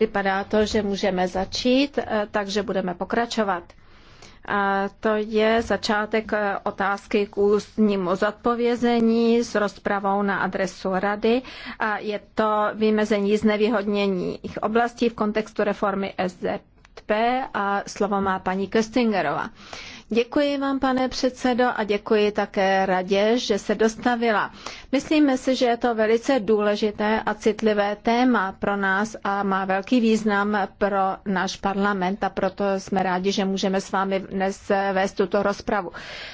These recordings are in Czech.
Vypadá to, že můžeme začít, eh, takže budeme pokračovat. A to je začátek eh, otázky k ústnímu zodpovězení s rozpravou na adresu rady. A je to vymezení znevýhodněných oblastí v kontextu reformy SZP a slovo má paní Köstingerová. Děkuji vám, pane předsedo, a děkuji také radě, že se dostavila. Myslíme si, že je to velice důležité a citlivé téma pro nás a má velký význam pro náš parlament a proto jsme rádi, že můžeme s vámi dnes vést tuto rozpravu.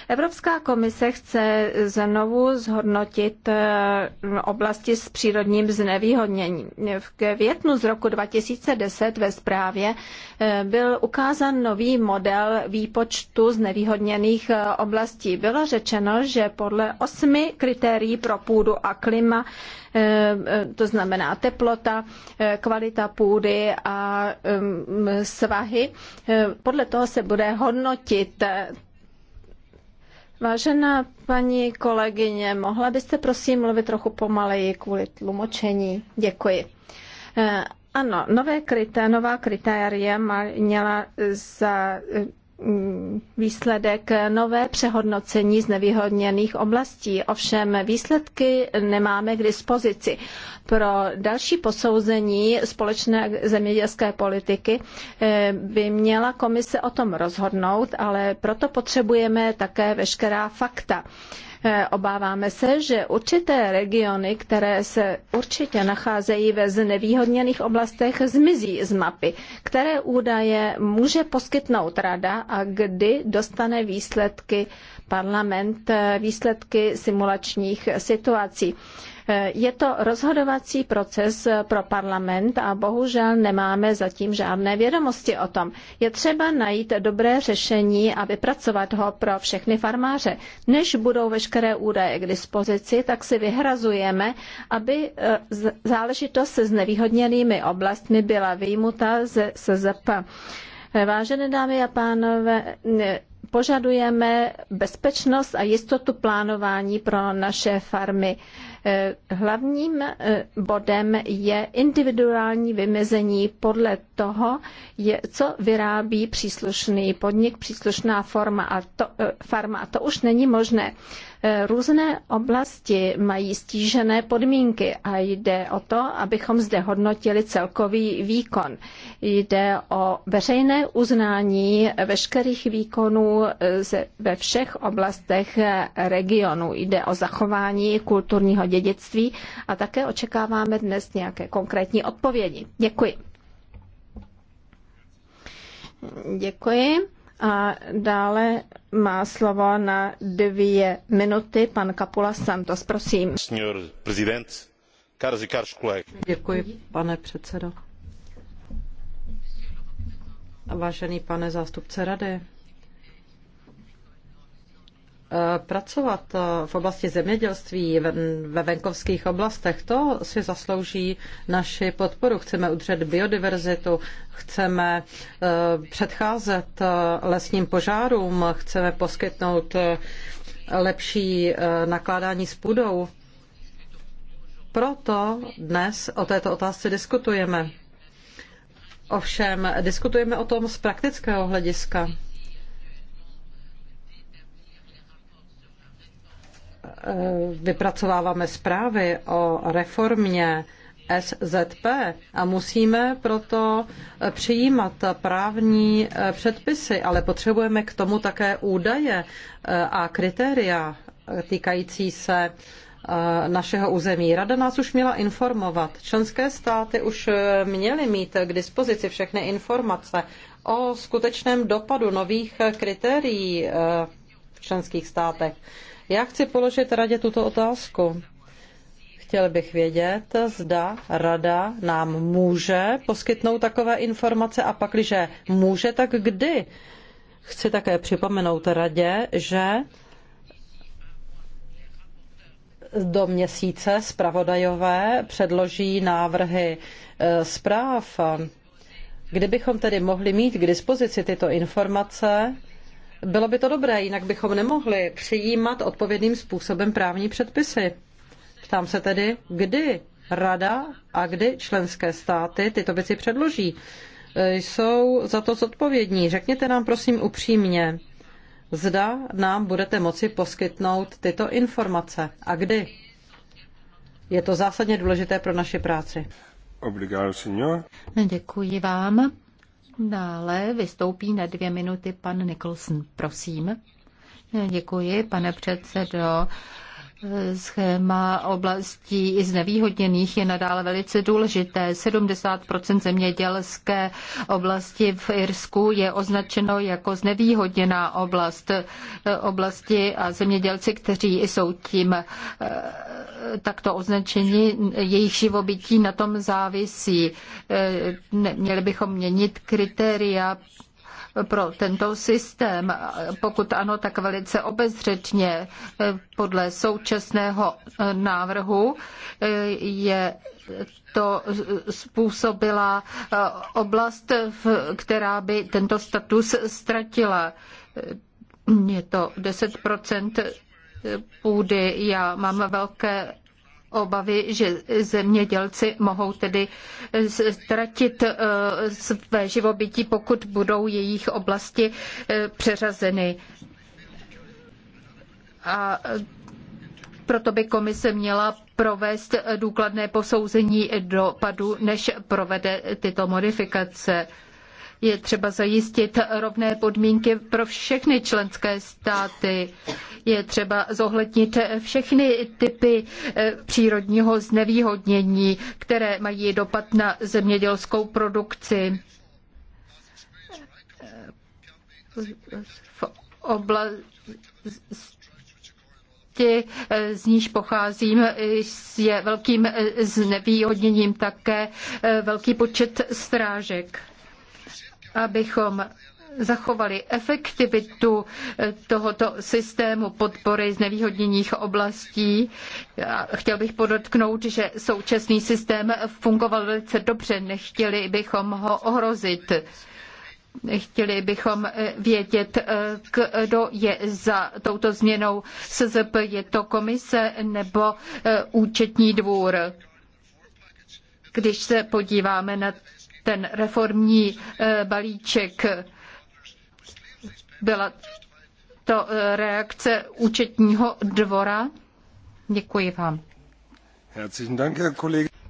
Evropská komise chce znovu zhodnotit eh, oblasti s přírodním znevýhodněním. V květnu z roku 2010 ve zprávě eh, byl ukázán nový model výpočtu znevýhodnění znevýhodněných eh, oblastí. Bylo řečeno, že podle osmi kritérií pro půdu a klima, eh, eh, to znamená teplota, kvalita půdy a mm, svahy, podle toho se bude hodnotit Vážená paní kolegyně, mohla byste prosím mluvit trochu pomaleji kvůli tlumočení? Děkuji. Ano, nové kryté, nová kritéria měla za Mm, výsledek nové přehodnocení znevýhodněných oblastí. Ovšem výsledky nemáme k dispozici. Pro další posouzení společné zemědělské politiky eh, by měla komise o tom rozhodnout, ale proto potřebujeme také veškerá fakta. Eh, obáváme se, že určité regiony, které se určitě nacházejí ve znevýhodněných oblastech, zmizí z mapy. Které údaje může poskytnout rada a kdy dostane výsledky parlament, eh, výsledky simulačních situací? Eh, je to rozhodovací proces pro parlament a bohužel nemáme zatím žádné vědomosti o tom. Je třeba najít dobré řešení a vypracovat ho pro všechny farmáře. Než budou veškeré údaje k dispozici, tak si vyhrazujeme, aby eh, záležitost se znevýhodněnými oblastmi byla výjimuta ze SZP. Eh, vážené dámy a pánové, požadujeme bezpečnost a jistotu plánování pro naše farmy. Eh, hlavním eh, bodem je individuální vymezení podle toho, co vyrábí příslušný podnik, příslušná forma a to, eh, farma. A to už není možné. Eh, různé oblasti mají stížené podmínky a jde o to, abychom zde hodnotili celkový výkon. Jde o veřejné uznání veškerých výkonů eh, ve všech oblastech eh, regionu. Jde o zachování kulturního dědictví a také očekáváme dnes nějaké konkrétní odpovědi. Děkuji. Děkuji. A dále má slovo na dvě minuty pan Kapula Santos, prosím. E Děkuji, pane předsedo. Vážený pane zástupce rady, Eh, pracovat eh, v oblasti zemědělství ve venkovských oblastech, to si zaslouží naši podporu. Chceme udržet biodiverzitu, chceme eh, předcházet lesním požárům, chceme poskytnout lepší nakládání s půdou. Proto dnes o této otázce diskutujeme. Ovšem, diskutujeme o tom z praktického hlediska. Eh, vypracováváme zprávy o reformě SZP a musíme proto přijímat právní eh, předpisy, ale potřebujeme k tomu také údaje eh, a kritéria týkající se našeho území. Rada nás už měla informovat. Členské státy už měly mít k dispozici všechny informace o skutečném dopadu nových kritérií v členských státech. Já chci položit radě tuto otázku. Chtěl bych vědět, zda rada nám může poskytnout takové informace a pak, když může, tak kdy. Chci také připomenout radě, že do měsíce zpravodajové předloží návrhy e, zpráv. Kdybychom tedy mohli mít k dispozici tyto informace, bylo by to dobré, jinak bychom nemohli přijímat odpovědným způsobem právní předpisy. Ptám se tedy, kdy rada a kdy členské státy tyto věci předloží. E, jsou za to zodpovědní. Řekněte nám prosím upřímně, zda nám budete moci poskytnout tyto informace a kdy. Je to zásadně důležité pro naši práci. Obrigado, senhor. Děkuji vám, Dále vystoupí na dvě minuty pan Nicholson. Prosím. Děkuji, pane předsedo. Schéma oblastí znevýhodněných je nadále velice důležité. 70 zemědělské oblasti v Irsku je označeno jako znevýhodněná oblast. Oblasti a zemědělci, kteří jsou tím eh, takto označeni, jejich živobytí na tom závisí. Eh, Měli bychom měnit kritéria pro tento systém? Pokud ano, tak velice obezřetně podle současného návrhu je to způsobila oblast, která by tento status ztratila. Je to 10 půdy. Já mám velké obavy, že zemědělci mohou tedy ztratit eh, své živobytí, pokud budou jejich oblasti eh, přeřazeny. A eh, proto by komise měla provést důkladné posouzení dopadu, než provede tyto modifikace. Je třeba zajistit rovné podmínky pro všechny členské státy. Je třeba zohlednit všechny typy eh, přírodního znevýhodnění, které mají dopad na zemědělskou produkci. V oblasti eh, z níž pocházím, je velkým eh, znevýhodněním také velký počet strážek abychom zachovali efektivitu eh, tohoto systému podpory znevýhodněných oblastí. Chtěl bych podotknout, že současný systém fungoval velice dobře, nechtěli bychom ho ohrozit. Chtěli bychom eh, vědět, eh, kdo je za touto změnou SZP. Je to komise nebo účetní dvůr? Když se podíváme na ten reformní eh, balíček. Byla to eh, reakce účetního dvora. Děkuji vám.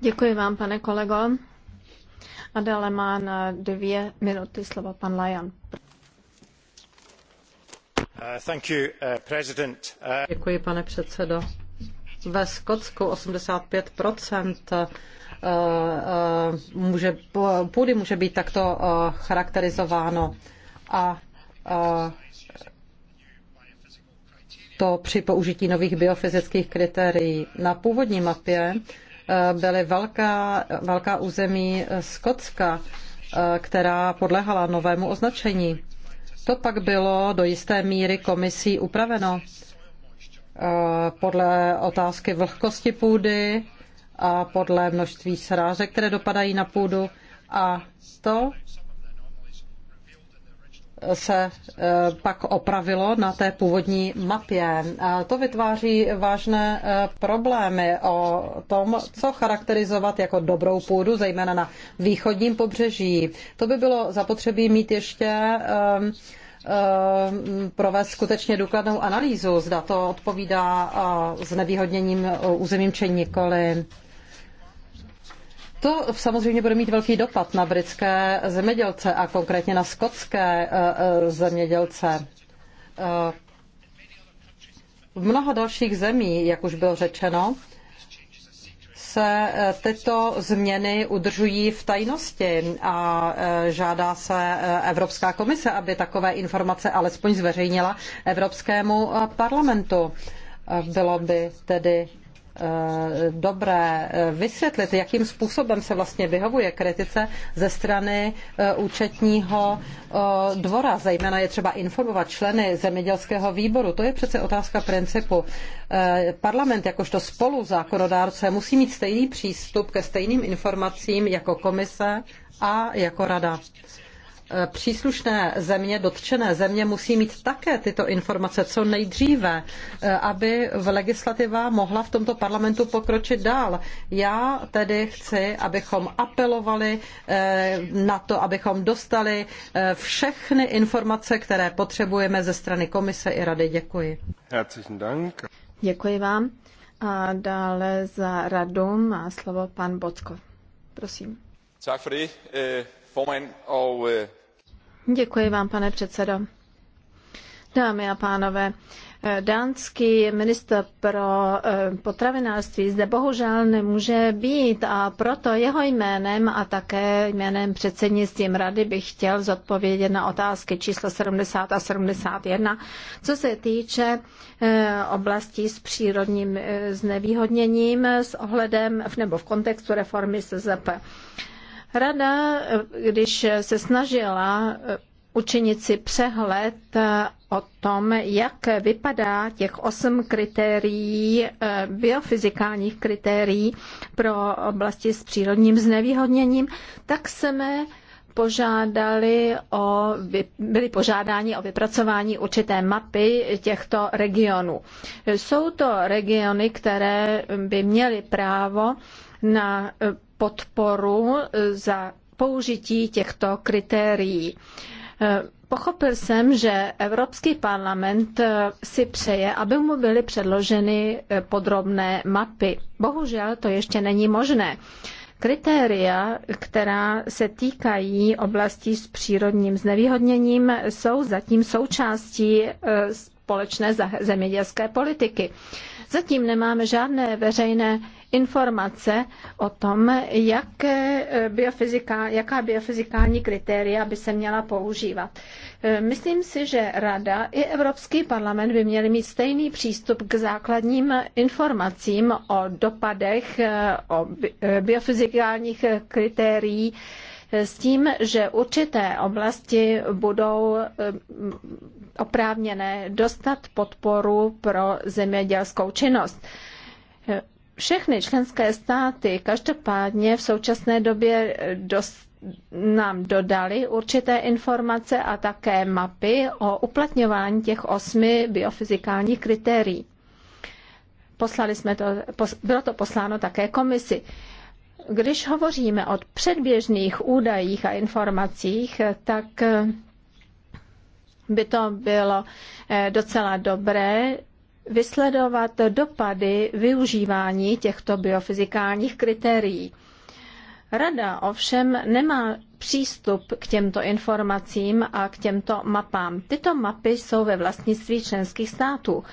Děkuji vám, pane kolego. A dále má na dvě minuty slovo pan Lajan. Uh, you, uh, uh, Děkuji, pane předsedo. Ve Skotsku 85 Eh, eh, může, půdy může být takto eh, charakterizováno a to při použití nových biofyzických kritérií. Na původní mapě byly velká, velká území Skotska, která podlehala novému označení. To pak bylo do jisté míry komisí upraveno podle otázky vlhkosti půdy, a podle množství srážek, které dopadají na půdu a to se eh, pak opravilo na té původní mapě. A to vytváří vážné eh, problémy o tom, co charakterizovat jako dobrou půdu, zejména na východním pobřeží. To by bylo zapotřebí mít ještě ehm, ehm, provést skutečně důkladnou analýzu, zda to odpovídá eh, znevýhodněním územím či nikoli. To samozřejmě bude mít velký dopad na britské zemědělce a konkrétně na skotské eh, eh, zemědělce. Eh, v mnoha dalších zemí, jak už bylo řečeno, se tyto změny udržují v tajnosti a žádá se Evropská komise, aby takové informace alespoň zveřejnila Evropskému parlamentu. Bylo by tedy Eh, dobré eh, vysvětlit, jakým způsobem se vlastně vyhovuje kritice ze strany eh, účetního dvora. Zejména je třeba informovat členy zemědělského výboru. To je přece otázka principu. Parlament jakožto spolu zákonodárce musí mít stejný přístup ke stejným informacím jako komise a jako rada. Eh, příslušné země, dotčené země musí mít také tyto informace co nejdříve, eh, aby v legislativa mohla v tomto parlamentu pokročit dál. Já tedy chci, abychom apelovali eh, na to, abychom dostali všechny informace, které potřebujeme ze strany komise i rady. Děkuji. Děkuji vám. A dále za radu má slovo pan Bocko. Prosím. Tak for det, formand, og Děkuji vám, pane předsedo. Dámy a pánové, eh, dánský minister pro eh, potravinářství zde bohužel nemůže být a proto jeho jménem a také jménem předsednictvím rady bych chtěl zodpovědět na otázky číslo 70 a 71, co se týče eh, oblastí s přírodním znevýhodněním s ohledem nebo v kontextu reformy SZP. Rada, když se snažila eh, učinit si přehled eh, o tom, jak vypadá těch osm kritérií, eh, biofyzikálních kritérií pro oblasti s přírodním znevýhodněním, tak jsme požádali o, byli požádáni o vypracování určité mapy těchto regionů. Jsou to regiony, které by měly právo na podporu e, za použití těchto kritérií. E, pochopil jsem, že Evropský parlament e, si přeje, aby mu byly předloženy podrobné mapy. Bohužel to ještě není možné. Kritéria, která se týkají oblastí s přírodním znevýhodněním, jsou zatím součástí společné zemědělské politiky. Zatím nemáme žádné veřejné informace o tom, jak eh, biofizika, jaká biofyzikální kritéria by se měla používat. Eh, myslím si, že Rada i Evropský parlament by měli mít stejný přístup k základním informacím o dopadech, eh, o biofyzikálních kritériích s tím, že určité oblasti budou eh, oprávněné dostat podporu pro zemědělskou činnost. Všechny členské státy každopádně v současné době dost nám dodali určité informace a také mapy o uplatňování těch osmi biofyzikálních kritérií. Poslali jsme to, bylo to posláno také komisi. Když hovoříme o předběžných údajích a informacích, tak eh, by to bylo eh, docela dobré vysledovat dopady využívání těchto biofyzikálních kritérií. Rada ovšem nemá přístup k těmto informacím a k těmto mapám. Tyto mapy jsou ve vlastnictví členských států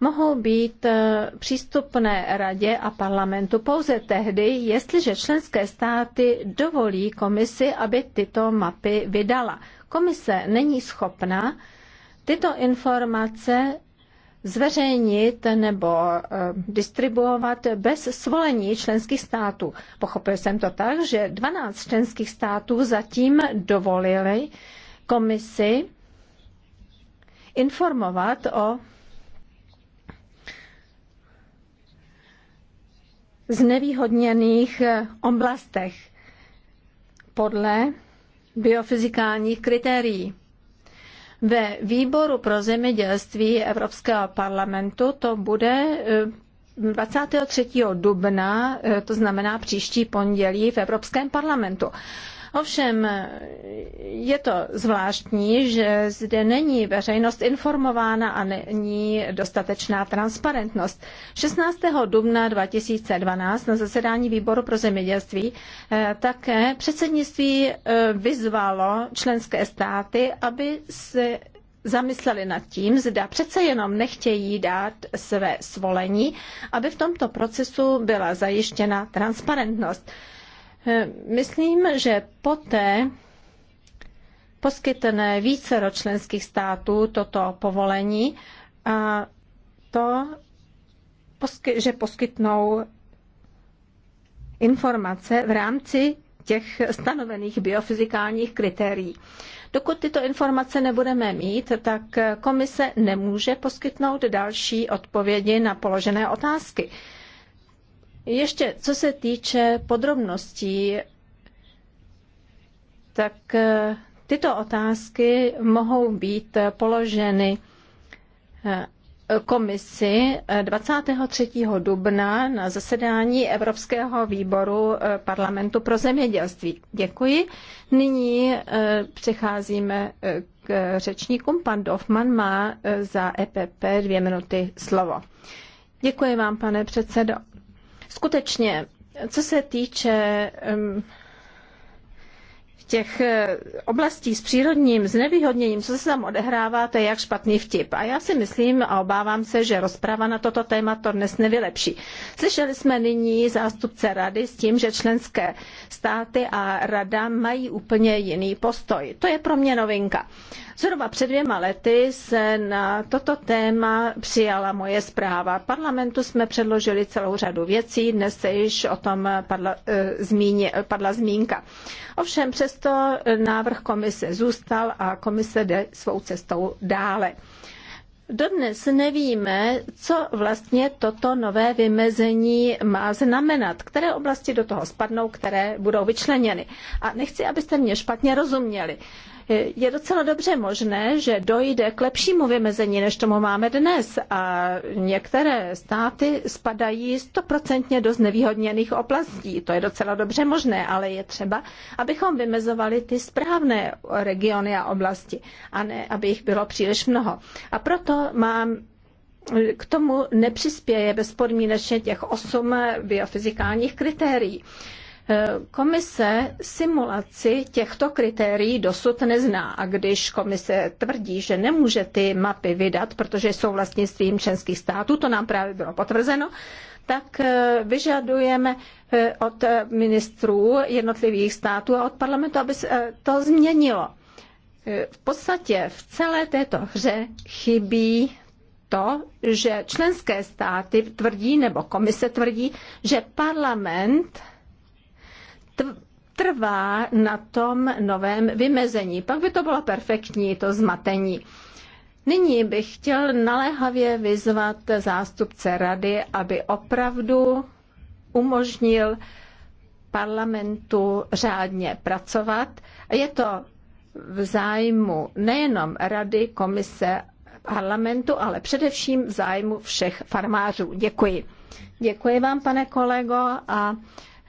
mohou být eh, přístupné radě a parlamentu pouze tehdy, jestliže členské státy dovolí komisi, aby tyto mapy vydala. Komise není schopna tyto informace zveřejnit nebo eh, distribuovat bez svolení členských států. Pochopil jsem to tak, že 12 členských států zatím dovolili komisi informovat o znevýhodněných eh, oblastech podle biofyzikálních kritérií. Ve výboru pro zemědělství Evropského parlamentu to bude eh, 23. dubna, eh, to znamená příští pondělí v Evropském parlamentu. Ovšem je to zvláštní, že zde není veřejnost informována a není dostatečná transparentnost. 16. dubna 2012 na zasedání výboru pro zemědělství eh, také předsednictví eh, vyzvalo členské státy, aby se zamysleli nad tím, zda přece jenom nechtějí dát své svolení, aby v tomto procesu byla zajištěna transparentnost. Eh, myslím, že poté poskytne více členských států toto povolení a to, že poskytnou informace v rámci těch stanovených biofyzikálních kritérií. Dokud tyto informace nebudeme mít, tak komise nemůže poskytnout další odpovědi na položené otázky. Ještě co se týče podrobností, tak eh, tyto otázky mohou být položeny eh, komisi 23. Eh, dubna na zasedání Evropského výboru parlamentu pro zemědělství. Děkuji. Nyní přecházíme k řečníkům. Pan Dofman má za EPP dvě minuty slovo. Děkuji vám, pane předsedo. Skutečně, co se týče těch eh, oblastí s přírodním znevýhodněním, co se tam odehrává, to je jak špatný vtip. A já si myslím a obávám se, že rozprava na toto téma to dnes nevylepší. Slyšeli jsme nyní zástupce rady s tím, že členské státy a rada mají úplně jiný postoj. To je pro mě novinka. Zhruba před dvěma lety se na toto téma přijala moje zpráva. Parlamentu jsme předložili celou řadu věcí, dnes se již o tom padla, e, zmíně, padla zmínka. Ovšem přes Přesto návrh komise zůstal a komise jde svou cestou dále. Dodnes nevíme, co vlastně toto nové vymezení má znamenat, které oblasti do toho spadnou, které budou vyčleněny. A nechci, abyste mě špatně rozuměli je docela dobře možné, že dojde k lepšímu vymezení, než tomu máme dnes. A některé státy spadají stoprocentně do znevýhodněných oblastí. To je docela dobře možné, ale je třeba, abychom vymezovali ty správné regiony a oblasti a ne, aby jich bylo příliš mnoho. A proto mám k tomu nepřispěje bezpodmínečně těch osm biofyzikálních kritérií. Komise simulaci těchto kritérií dosud nezná a když komise tvrdí, že nemůže ty mapy vydat, protože jsou vlastnictvím členských států, to nám právě bylo potvrzeno, tak eh, vyžadujeme eh, od ministrů jednotlivých států a od parlamentu, aby se eh, to změnilo. V podstatě v celé této hře chybí to, že členské státy tvrdí nebo komise tvrdí, že parlament trvá na tom novém vymezení. Pak by to bylo perfektní, to zmatení. Nyní bych chtěl naléhavě vyzvat zástupce rady, aby opravdu umožnil parlamentu řádně pracovat. Je to v zájmu nejenom rady, komise, parlamentu, ale především v zájmu všech farmářů. Děkuji. Děkuji vám, pane kolego, a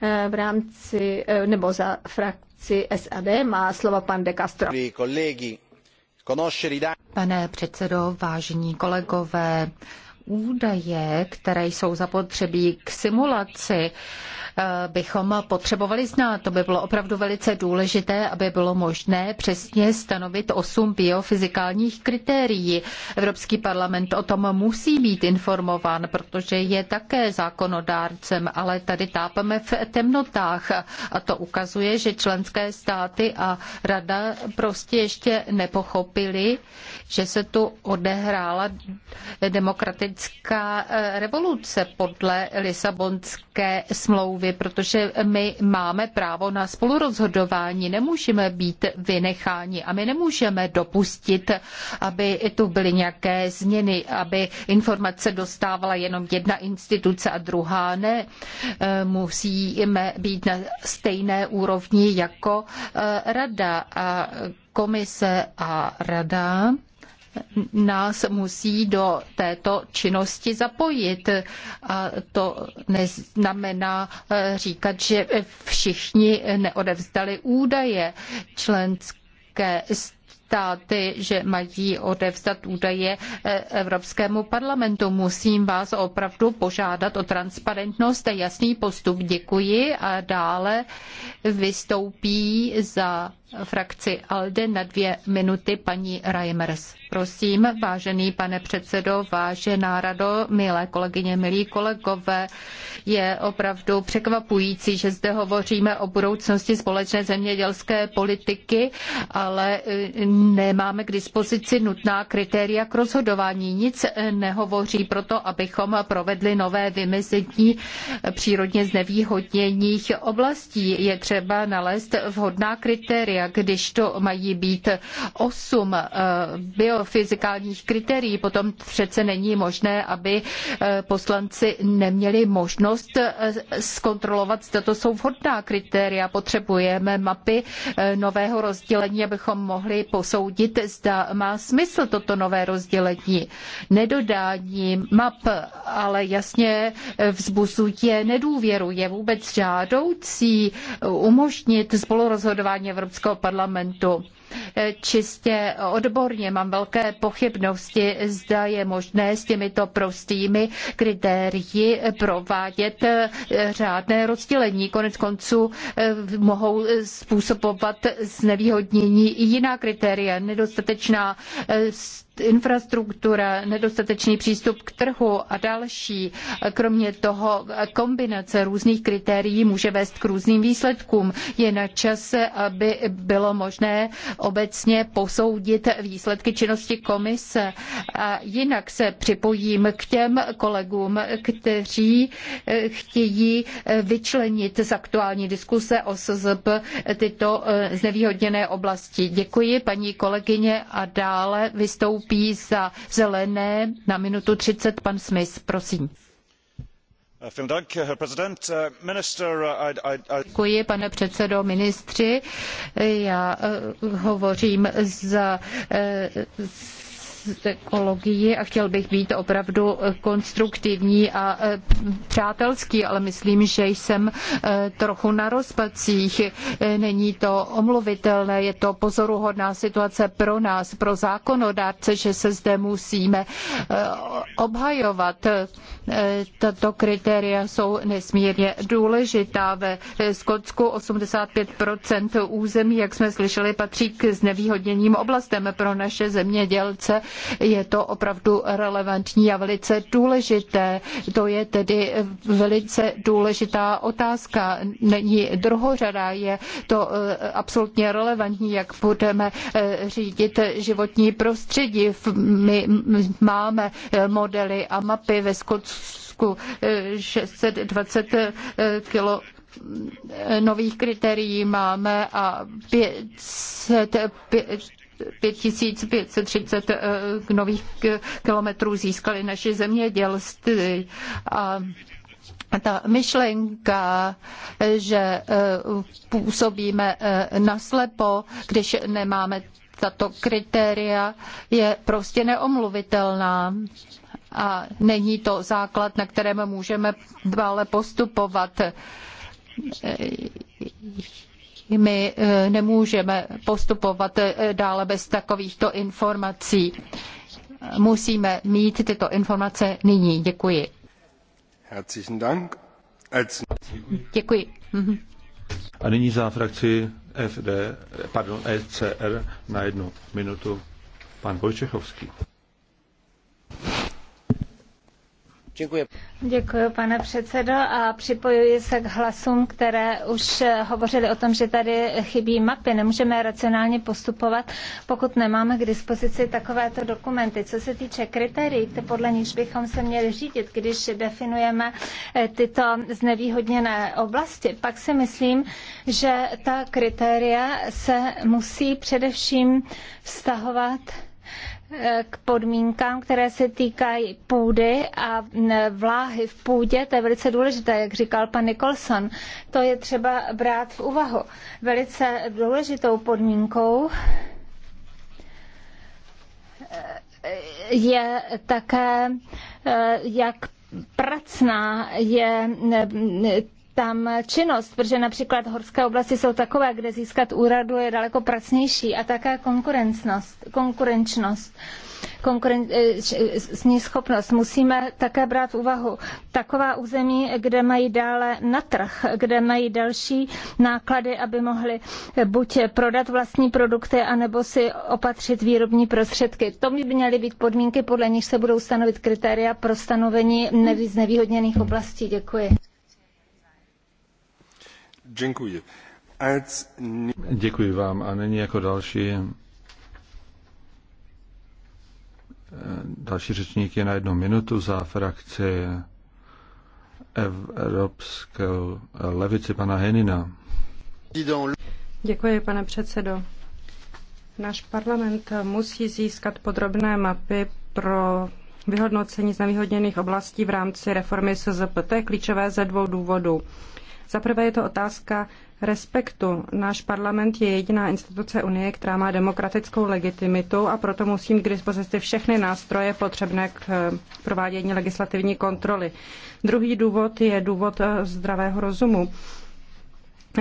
Eh, v rámci eh, nebo za frakci SAD má slovo pan De Castro. Pane předsedo, vážení kolegové, údaje, které jsou zapotřebí k simulaci, eh, bychom potřebovali znát. To by bylo opravdu velice důležité, aby bylo možné přesně stanovit osm biofyzikálních kritérií. Evropský parlament o tom musí být informován, protože je také zákonodárcem, ale tady tápeme v temnotách a to ukazuje, že členské státy a rada prostě ještě nepochopili, že se tu odehrála demokratická politická eh, revoluce podle Lisabonské smlouvy, protože my máme právo na spolurozhodování, nemůžeme být vynecháni a my nemůžeme dopustit, aby tu byly nějaké změny, aby informace dostávala jenom jedna instituce a druhá ne. Eh, musíme být na stejné úrovni jako eh, rada a komise a rada nás musí do této činnosti zapojit. A to neznamená eh, říkat, že všichni neodevzdali údaje členské státy, že mají odevzdat údaje eh, Evropskému parlamentu. Musím vás opravdu požádat o transparentnost a jasný postup. Děkuji a dále vystoupí za frakci ALDE na dvě minuty paní Reimers. Prosím, vážený pane předsedo, vážená rado, milé kolegyně, milí kolegové, je opravdu překvapující, že zde hovoříme o budoucnosti společné zemědělské politiky, ale e, nemáme k dispozici nutná kritéria k rozhodování. Nic e, nehovoří proto, abychom provedli nové vymezení přírodně znevýhodněných oblastí. Je třeba nalézt vhodná kritéria kritéria, když to mají být osm eh, biofyzikálních kritérií, potom přece není možné, aby eh, poslanci neměli možnost eh, zkontrolovat, zda to jsou vhodná kritéria. Potřebujeme mapy nového rozdělení, abychom mohli posoudit, zda má smysl toto nové rozdělení. Nedodání map ale jasně vzbuzuje nedůvěru. Je vůbec žádoucí umožnit spolurozhodování Evropského Evropského parlamentu. E, čistě odborně mám velké pochybnosti, zda je možné s těmito prostými kritérii provádět e, řádné rozdělení. Konec konců e, mohou způsobovat znevýhodnění i jiná kritéria, nedostatečná infrastruktura, nedostatečný přístup k trhu a další. Kromě toho kombinace různých kritérií může vést k různým výsledkům. Je na čase, aby bylo možné obecně posoudit výsledky činnosti komise. A jinak se připojím k těm kolegům, kteří eh, chtějí eh, vyčlenit z aktuální diskuse o SZB tyto eh, znevýhodněné oblasti. Děkuji paní kolegyně a dále vystoupí za zelené na minutu 30 pan Smith, prosím pane předsedající ministři. Já eh, hovořím za eh, ekologii a chtěl bych být opravdu konstruktivní a e, přátelský, ale myslím, že jsem e, trochu na rozpacích. E, není to omluvitelné, je to pozoruhodná situace pro nás, pro zákonodárce, že se zde musíme obhajovat. Tato kritéria jsou nesmírně důležitá. Ve Skotsku 85% území, jak jsme slyšeli, patří k znevýhodněným oblastem pro naše zemědělce je to opravdu relevantní a velice důležité. To je tedy velice důležitá otázka. Není druhořadá, je to eh, absolutně relevantní, jak budeme eh, řídit životní prostředí. My máme eh, modely a mapy ve Skotsku 620 kilo nových kritérií máme a 500 5530 eh, nových eh, kilometrů získali naši zemědělství. A ta myšlenka, že eh, působíme naslepo, když nemáme tato kritéria, je prostě neomluvitelná a není to základ, na kterém můžeme dále postupovat my eh, nemůžeme postupovat eh, dále bez takovýchto informací. Musíme mít tyto informace nyní. Děkuji. Herzlichen Dank. Děkuji. Mhm. A nyní za frakci FD, pardon, ECR na jednu minutu pan Vojčechovský. Děkuji. Děkuji, pane předsedo, a připojuji se k hlasům, které už hovořili o tom, že tady chybí mapy. Nemůžeme racionálně postupovat, pokud nemáme k dispozici takovéto dokumenty. Co se týče kritérií, podle nichž bychom se měli řídit, když definujeme eh, tyto znevýhodněné oblasti, pak si myslím, že ta kritéria se musí především vztahovat k podmínkám, které se týkají půdy a vláhy v půdě, to je velice důležité, jak říkal pan Nicholson. To je třeba brát v úvahu. Velice důležitou podmínkou je také, jak pracná je tam činnost, protože například horské oblasti jsou takové, kde získat úradu je daleko pracnější a také konkurenčnost. konkurenčnost eh, konkurenční schopnost. Musíme také brát v úvahu taková území, kde mají dále na trh, kde mají další náklady, aby mohli eh, buď prodat vlastní produkty, anebo si opatřit výrobní prostředky. To by měly být podmínky, podle nich se budou stanovit kritéria pro stanovení znevýhodněných oblastí. Děkuji. Děkuji. vám. A nyní jako další e, další řečník je na jednu minutu za frakci Evropské levice pana Henina. Děkuji, pane předsedo. Náš parlament musí získat podrobné mapy pro vyhodnocení znevýhodněných oblastí v rámci reformy SZP. To je klíčové ze dvou důvodů. Za prvé je to otázka respektu. Náš parlament je jediná instituce Unie, která má demokratickou legitimitu a proto musí mít k dispozici všechny nástroje potřebné k eh, provádění legislativní kontroly. Druhý důvod je důvod eh, zdravého rozumu.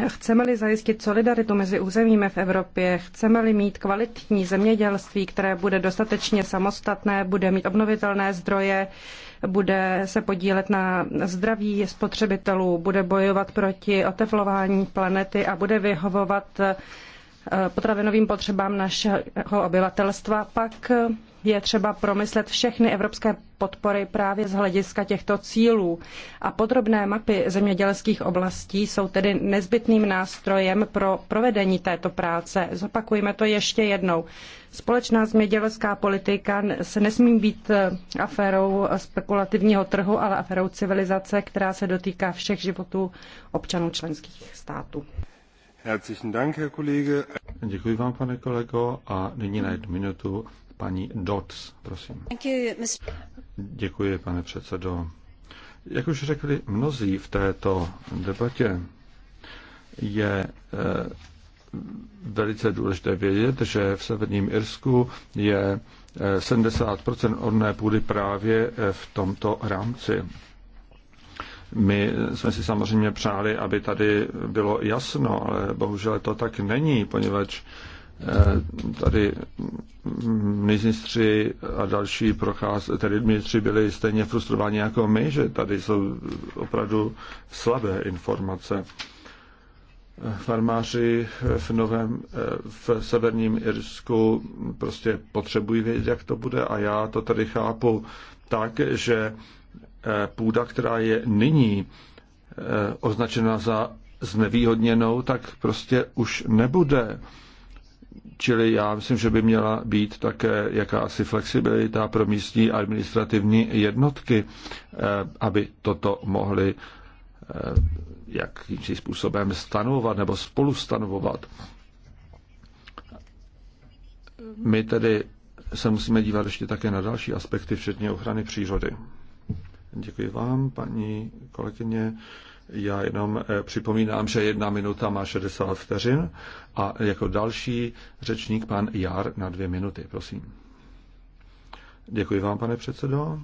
Chceme-li zajistit solidaritu mezi územími v Evropě, chceme-li mít kvalitní zemědělství, které bude dostatečně samostatné, bude mít obnovitelné zdroje, bude se podílet na zdraví spotřebitelů, bude bojovat proti oteplování planety a bude vyhovovat eh, potravinovým potřebám našeho obyvatelstva, pak je třeba promyslet všechny evropské podpory právě z hlediska těchto cílů. A podrobné mapy zemědělských oblastí jsou tedy nezbytným nástrojem pro provedení této práce. Zopakujme to ještě jednou. Společná zemědělská politika se nesmí být aférou spekulativního trhu, ale aférou civilizace, která se dotýká všech životů občanů členských států. Herzlichen Dank, Herr Kollege. Děkuji vám, pane kolego, a nyní na jednu minutu Paní prosím. Děkuji, pane předsedo. Jak už řekli mnozí v této debatě, je eh, velice důležité vědět, že v severním Irsku je 70 eh, orné půdy právě eh, v tomto rámci. My jsme si samozřejmě přáli, aby tady bylo jasno, ale bohužel to tak není, poněvadž Eh, tady ministři a další procház, tedy ministři byli stejně frustrováni jako my, že tady jsou opravdu slabé informace. Eh, farmáři v Novém, eh, v severním Irsku prostě potřebují vědět, jak to bude a já to tady chápu tak, že půda, která je nyní označena za znevýhodněnou, tak prostě už nebude. Čili já myslím, že by měla být také jakási flexibilita pro místní administrativní jednotky, eh, aby toto mohly eh, jakým způsobem stanovovat nebo spolu stanovovat. My tedy se musíme dívat ještě také na další aspekty, včetně ochrany přírody. Děkuji vám, paní kolegyně. Já jenom eh, připomínám, že jedna minuta má 60 vteřin a jako další řečník pan Jár na dvě minuty, prosím. Děkuji vám, pane předsedo.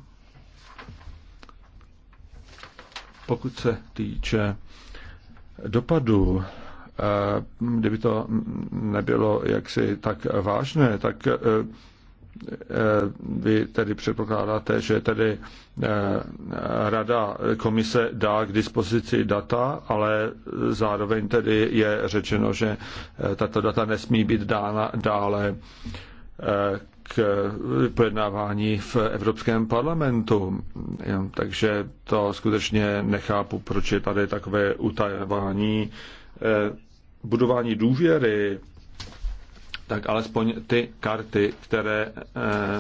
Pokud se týče dopadu, eh, kdyby to nebylo jaksi tak vážné, tak eh, Eh, vy tedy předpokládáte, že tedy eh, rada komise dá k dispozici data, ale zároveň tedy je řečeno, že eh, tato data nesmí být dána dále k projednávání v Evropském parlamentu. Takže to skutečně nechápu, proč je tady takové utajování budování důvěry tak alespoň ty karty, které eh,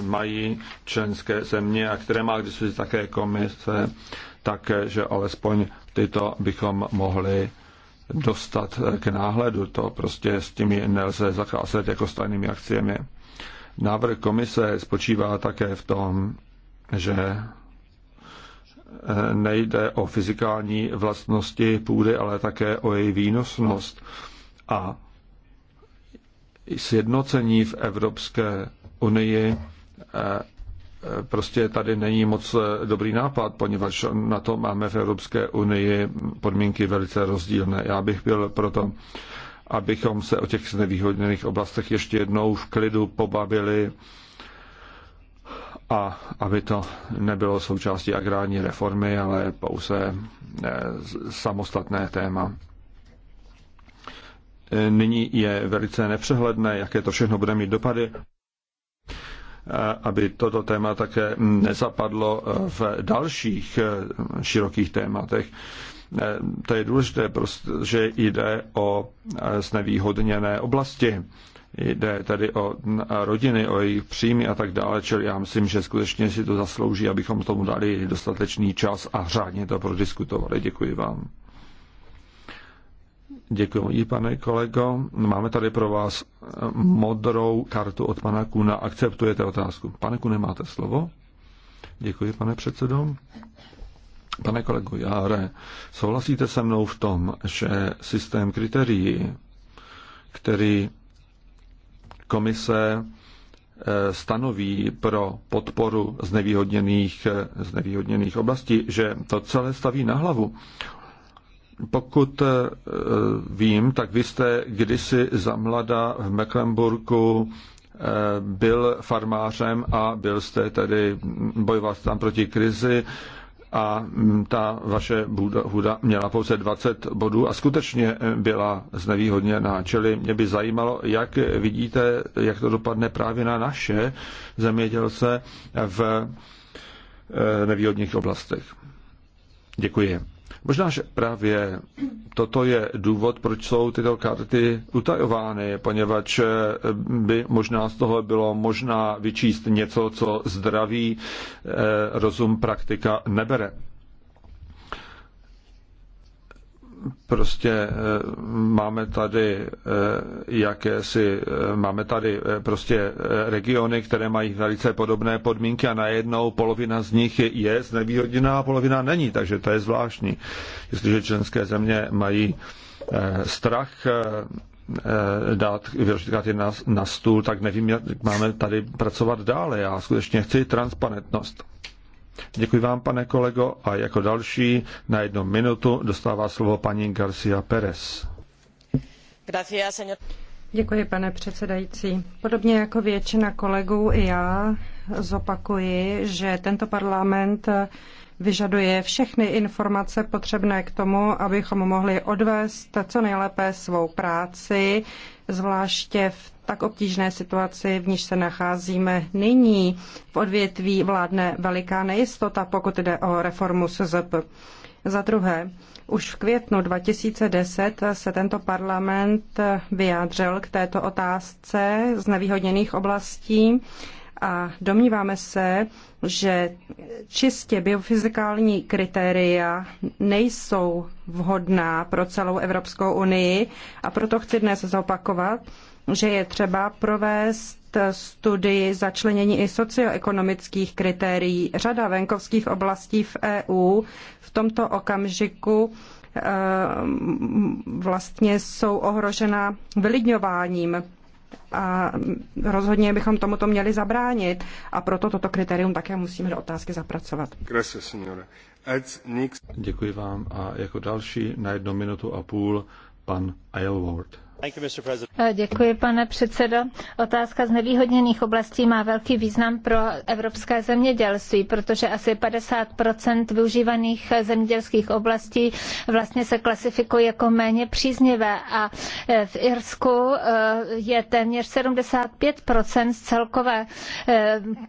mají členské země a které má k dispozici také komise, tak eh, že alespoň tyto bychom mohli dostat eh, k náhledu. To prostě s těmi nelze zacházet jako s tajnými akciemi. Návrh komise spočívá také v tom, že nejde o fyzikální vlastnosti půdy, ale také o její výnosnost. A sjednocení v Evropské unii eh, prostě tady není moc eh, dobrý nápad, poněvadž na to máme v Evropské unii podmínky velice rozdílné. Já bych byl proto, abychom se o těch znevýhodněných oblastech ještě jednou v klidu pobavili a aby to nebylo součástí agrární reformy, ale pouze eh, samostatné téma nyní je velice nepřehledné, jaké to všechno bude mít dopady aby toto téma také nezapadlo v dalších e, širokých tématech. E, to je důležité, že jde o e, znevýhodněné oblasti. Jde tedy o rodiny, o jejich příjmy a tak dále, čili já myslím, že skutečně si to zaslouží, abychom tomu dali dostatečný čas a řádně to prodiskutovali. Děkuji vám. Děkuji, pane kolego. Máme tady pro vás eh, modrou kartu od pana Kuna. Akceptujete otázku? Pane Kune, máte slovo? Děkuji, pane předsedo. Pane kolego Járe, souhlasíte se mnou v tom, že systém kritérií, který komise eh, stanoví pro podporu znevýhodněných, eh, znevýhodněných oblastí, že to celé staví na hlavu. Pokud eh, vím, tak vy jste kdysi zamlada v Mecklenburgu eh, byl farmářem a byl jste tedy bojoval tam proti krizi a mm, ta vaše huda měla pouze 20 bodů a skutečně eh, byla znevýhodněná. Čili mě by zajímalo, jak vidíte, jak to dopadne právě na naše zemědělce v nevýhodných oblastech. Děkuji. Možná, že právě toto je důvod, proč jsou tyto karty utajovány, poněvadž by možná z toho bylo možná vyčíst něco, co zdravý eh, rozum praktika nebere. prostě eh, máme tady eh, jakési, eh, máme tady prostě regiony, které mají velice podobné podmínky a najednou polovina z nich je znevýhodněná a polovina není, takže to je zvláštní. Jestliže členské země mají strach dát vyložitkáty na, na stůl, tak nevím, jak máme tady pracovat dále. Já skutečně chci transparentnost. Děkuji vám, pane kolego. A jako další na jednu minutu dostává slovo paní Garcia Perez. Děkuji, pane předsedající. Podobně jako většina kolegů i já zopakuji, že tento parlament vyžaduje všechny informace potřebné k tomu, abychom mohli odvést co nejlépe svou práci, zvláště v tak obtížné situaci, v níž se nacházíme nyní. V odvětví vládne veliká nejistota, pokud jde o reformu SZP. Za druhé, už v květnu 2010 se tento parlament vyjádřil k této otázce z nevýhodněných oblastí a domníváme se, že čistě biofyzikální kritéria nejsou vhodná pro celou Evropskou unii a proto chci dnes zopakovat, že je třeba provést studii začlenění i socioekonomických kritérií. Řada venkovských oblastí v EU v tomto okamžiku eh, vlastně jsou ohrožena vylidňováním a rozhodně bychom tomuto měli zabránit a proto toto kritérium také musíme do otázky zapracovat. Děkuji vám a jako další na jednu minutu a půl pan Aylward. Eh, děkuji, pane předsedo. Otázka znevýhodněných oblastí má velký význam pro evropské zemědělství, protože asi 50 využívaných zemědělských oblastí vlastně se klasifikuje jako méně příznivé a eh, v Irsku eh, je téměř 75 z celkové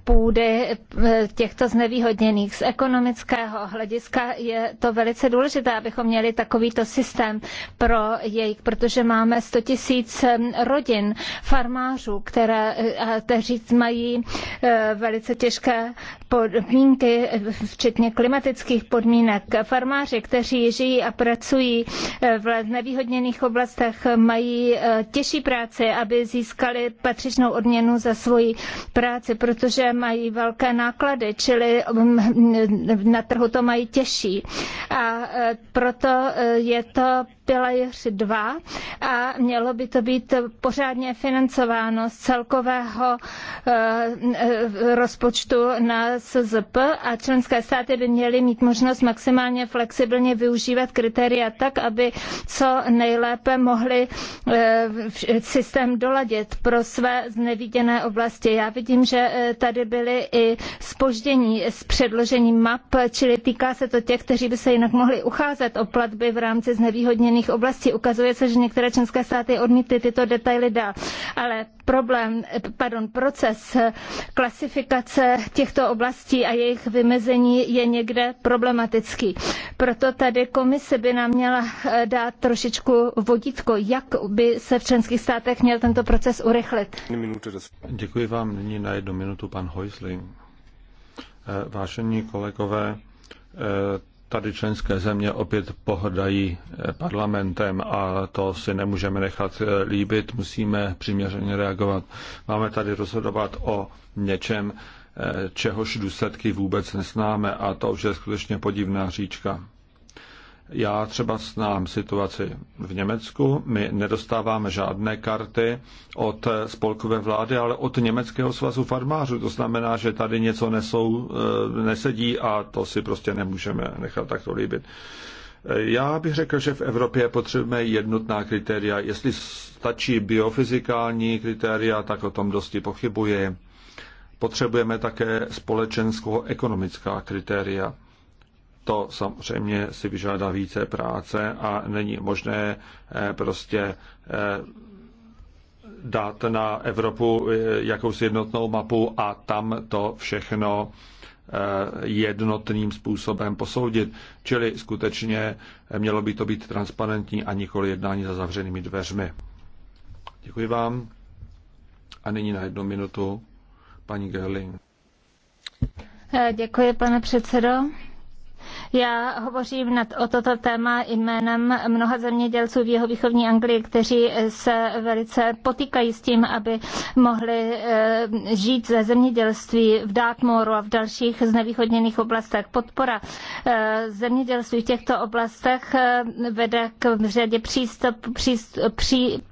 půdy těchto znevýhodněných. Z ekonomického hlediska je to velice důležité, abychom měli takovýto systém pro jejich, protože máme 100 tisíc eh, rodin farmářů, které, eh, kteří mají eh, velice těžké podmínky, včetně klimatických podmínek. Farmáři, kteří žijí a pracují v nevýhodněných oblastech, mají těžší práci, aby získali patřičnou odměnu za svoji práci, protože mají velké náklady, čili mm, mm, na trhu to mají těžší. A proto je to pilíř 2 a mělo by to být pořádně financováno z celkového eh, eh, rozpočtu na SZP a členské státy by měly mít možnost maximálně flexibilně využívat kritéria tak, aby co nejlépe mohli eh, systém doladit pro své zneviděné oblasti. Já vidím, že tady byly i spoždění s předložením map, čili týká se to těch, kteří by se jinak mohli ucházet o platby v rámci znevýhodněných jiných oblastí. Ukazuje se, že některé členské státy odmítly tyto detaily dát. Ale problém, pardon, proces klasifikace těchto oblastí a jejich vymezení je někde problematický. Proto tady komise by nám měla eh, dát trošičku vodítko, jak by se v členských státech měl tento proces urychlit. Děkuji vám. Nyní na jednu minutu pan Hojsling. Eh, vážení kolegové, eh, tady členské země opět pohrdají eh, parlamentem a to si nemůžeme nechat eh, líbit, musíme přiměřeně reagovat. Máme tady rozhodovat o něčem, eh, čehož důsledky vůbec nesnáme a to už je skutečně podivná říčka. Já třeba znám situaci v Německu. My nedostáváme žádné karty od spolkové vlády, ale od Německého svazu farmářů. To znamená, že tady něco nesou, eh, nesedí a to si prostě nemůžeme nechat takto líbit. Já bych řekl, že v Evropě potřebujeme jednotná kritéria. Jestli stačí biofyzikální kritéria, tak o tom dosti pochybuji. Potřebujeme také společensko-ekonomická kritéria. To samozřejmě si vyžádá více práce a není možné eh, prostě eh, dát na Evropu eh, jakousi jednotnou mapu a tam to všechno jednotným způsobem posoudit. Čili skutečně mělo by to být transparentní a nikoli jednání za zavřenými dveřmi. Děkuji vám. A nyní na jednu minutu paní Gerling. Děkuji, pane předsedo. Já hovořím nad, o toto téma jménem mnoha zemědělců v jeho východní Anglii, kteří se velice potýkají s tím, aby mohli eh, žít ze zemědělství v Dartmooru a v dalších znevýhodněných oblastech. Podpora eh, zemědělství v těchto oblastech eh, vede k řadě přístup, přístup, pří,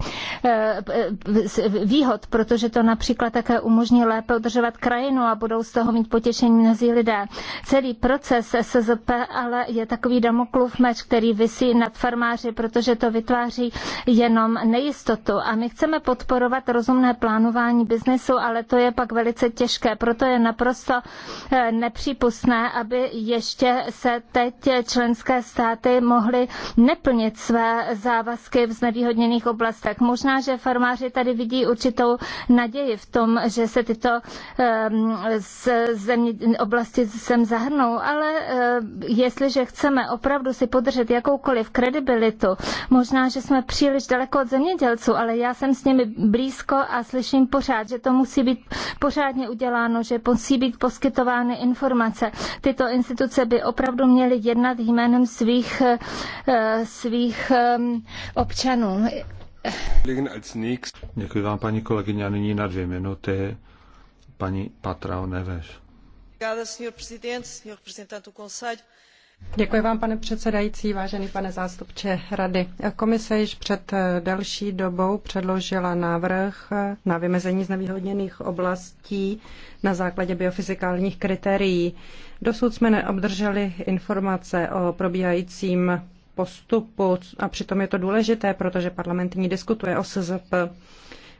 výhod, protože to například také umožní lépe udržovat krajinu a budou z toho mít potěšení mnozí lidé. Celý proces se lépe, ale je takový damoklův meč, který vysí nad farmáři, protože to vytváří jenom nejistotu. A my chceme podporovat rozumné plánování biznesu, ale to je pak velice těžké. Proto je naprosto eh, nepřípustné, aby ještě se teď členské státy mohly neplnit své závazky v znevýhodněných oblastech. Možná, že farmáři tady vidí určitou naději v tom, že se tyto ehm, z země, oblasti sem zahrnou, ale ehm, jestliže chceme opravdu si podržet jakoukoliv kredibilitu, možná, že jsme příliš daleko od zemědělců, ale já jsem s nimi blízko a slyším pořád, že to musí být pořádně uděláno, že musí být poskytovány informace. Tyto instituce by opravdu měly jednat jménem svých, eh, svých ehm, občanů. Děkuji vám, paní kolegyně. A nyní na dvě minuty paní Patrao Neveš. Děkuji vám, pane předsedající, vážený pane zástupce Rady. Komise již před eh, delší dobou předložila návrh eh, na vymezení znevýhodněných oblastí na základě biofyzikálních kritérií. Dosud jsme neobdrželi informace o probíhajícím postupu a přitom je to důležité, protože parlamentní diskutuje o SZP.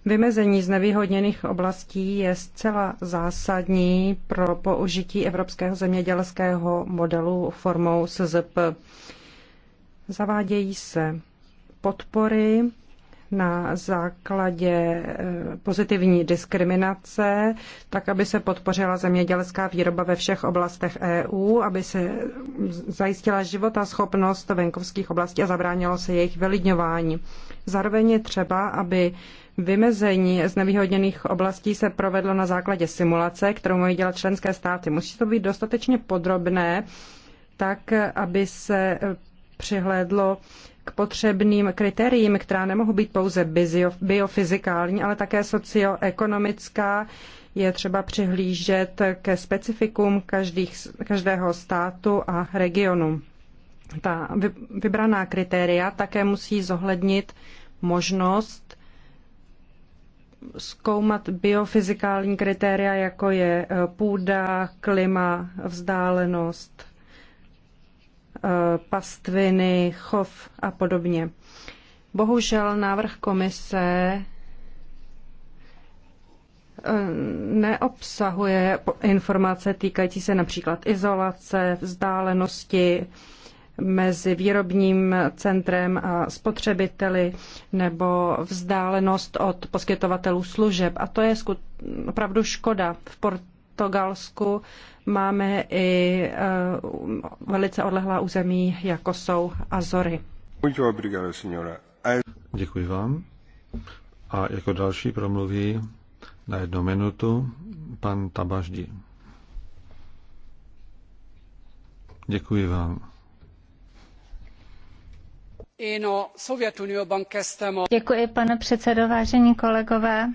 Vymezení znevýhodněných oblastí je zcela zásadní pro použití evropského zemědělského modelu formou SZP. Zavádějí se podpory na základě e, pozitivní diskriminace, tak aby se podpořila zemědělská výroba ve všech oblastech EU, aby se zajistila života schopnost venkovských oblastí a zabránilo se jejich vylidňování. Zároveň je třeba, aby Vymezení znevýhodněných oblastí se provedlo na základě simulace, kterou mají dělat členské státy. Musí to být dostatečně podrobné, tak aby se přihlédlo k potřebným kritériím, která nemohou být pouze biofyzikální, ale také socioekonomická. Je třeba přihlížet ke specifikům každých, každého státu a regionu. Ta vybraná kritéria také musí zohlednit možnost zkoumat biofyzikální kritéria, jako je eh, půda, klima, vzdálenost, eh, pastviny, chov a podobně. Bohužel návrh komise eh, neobsahuje informace týkající se například izolace, vzdálenosti, mezi výrobním centrem a spotřebiteli nebo vzdálenost od poskytovatelů služeb. A to je opravdu škoda. V Portugalsku máme i eh, velice odlehlá území, jako jsou Azory. Děkuji vám. A jako další promluví na jednu minutu pan Tabaždi. Děkuji vám. Děkuji, pane předsedo, vážení kolegové.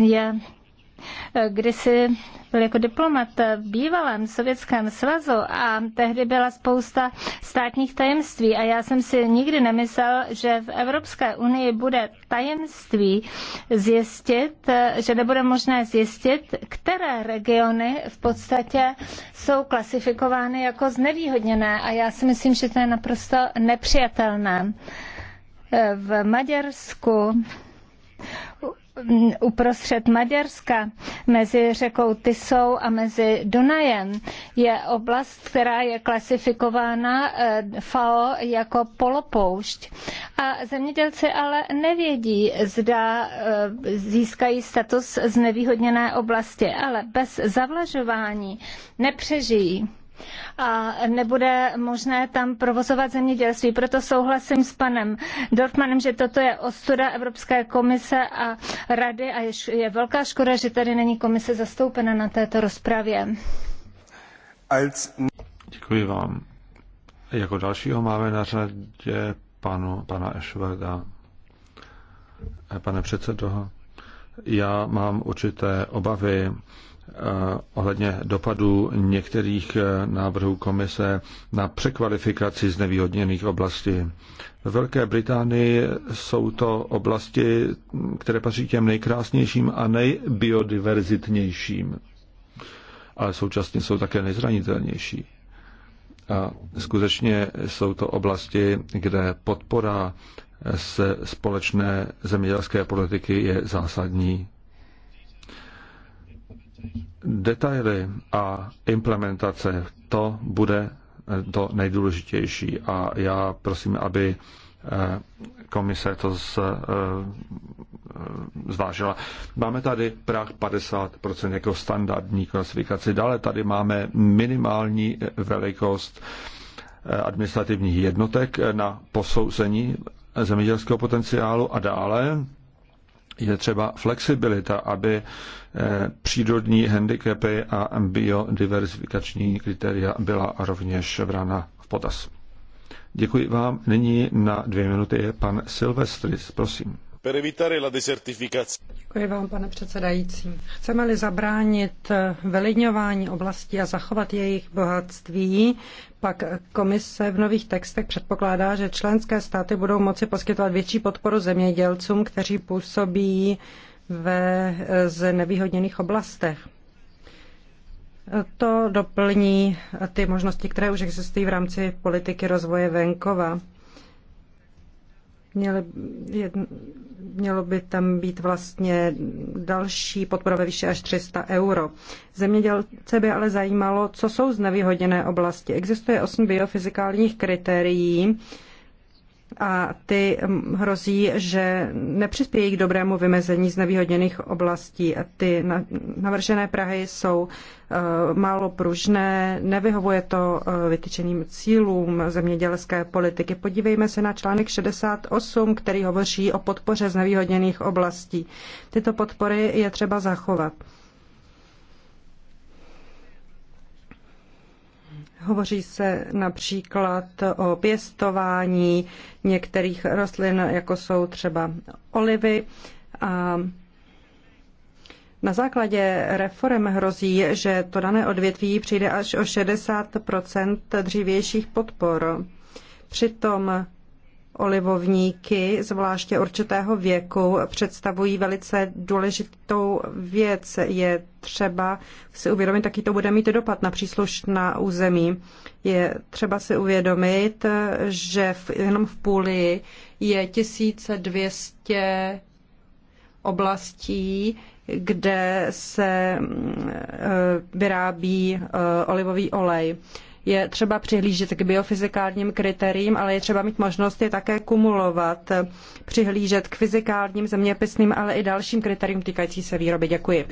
Je jsi byl jako diplomat v bývalém Sovětském svazu a tehdy byla spousta státních tajemství a já jsem si nikdy nemyslel, že v Evropské unii bude tajemství zjistit, že nebude možné zjistit, které regiony v podstatě jsou klasifikovány jako znevýhodněné a já si myslím, že to je naprosto nepřijatelné. V Maďarsku uprostřed Maďarska mezi řekou Tisou a mezi Dunajem je oblast, která je klasifikována eh, FAO jako polopoušť. A zemědělci ale nevědí, zda eh, získají status znevýhodněné oblasti, ale bez zavlažování nepřežijí a nebude možné tam provozovat zemědělství. Proto souhlasím s panem Dortmanem, že toto je ostuda Evropské komise a rady a je, je velká škoda, že tady není komise zastoupena na této rozpravě. Děkuji vám. Jako dalšího máme na řadě panu, pana Ešverda. Pane předsedo, já mám určité obavy Eh, ohledně dopadu některých eh, návrhů komise na překvalifikaci znevýhodněných oblastí. V Velké Británii jsou to oblasti, které patří těm nejkrásnějším a nejbiodiverzitnějším, ale současně jsou také nejzranitelnější. A skutečně jsou to oblasti, kde podpora se společné zemědělské politiky je zásadní Detaily a implementace, to bude eh, to nejdůležitější a já prosím, aby eh, komise to z, eh, zvážila. Máme tady práh 50% jako standardní klasifikaci. Dále tady máme minimální velikost administrativních jednotek na posouzení zemědělského potenciálu a dále je třeba flexibilita, aby eh, přírodní handicapy a biodiverzifikační kritéria byla rovněž vrána v potaz. Děkuji vám. Nyní na dvě minuty je pan Silvestris. Prosím pane předsedající. Chceme-li zabránit vylidňování oblastí a zachovat jejich bohatství, pak komise v nových textech předpokládá, že členské státy budou moci poskytovat větší podporu zemědělcům, kteří působí ve znevýhodněných oblastech. To doplní ty možnosti, které už existují v rámci politiky rozvoje venkova jed, mělo by tam být vlastně další podpora ve výši až 300 euro. Zemědělce by ale zajímalo, co jsou znevýhodněné oblasti. Existuje osm biofyzikálních kritérií, a ty mm, hrozí, že nepřispějí k dobrému vymezení znevýhodněných oblastí. Ty navržené Prahy jsou eh, málo pružné, nevyhovuje to eh, vytyčeným cílům zemědělské politiky. Podívejme se na článek 68, který hovoří o podpoře znevýhodněných oblastí. Tyto podpory je třeba zachovat. Hovoří se například o pěstování některých rostlin, jako jsou třeba olivy. A na základě reform hrozí, že to dané odvětví přijde až o 60 dřívějších podpor. Přitom olivovníky, zvláště určitého věku, představují velice důležitou věc. Je třeba si uvědomit, jaký to bude mít dopad na příslušná území. Je třeba si uvědomit, že v, jenom v půli je 1200 oblastí, kde se mm, e, vyrábí e, olivový olej je třeba přihlížet k biofyzikálním kritériím, ale je třeba mít možnost je také kumulovat, přihlížet k fyzikálním, zeměpisným, ale i dalším kritériím týkající se výroby. Děkuji.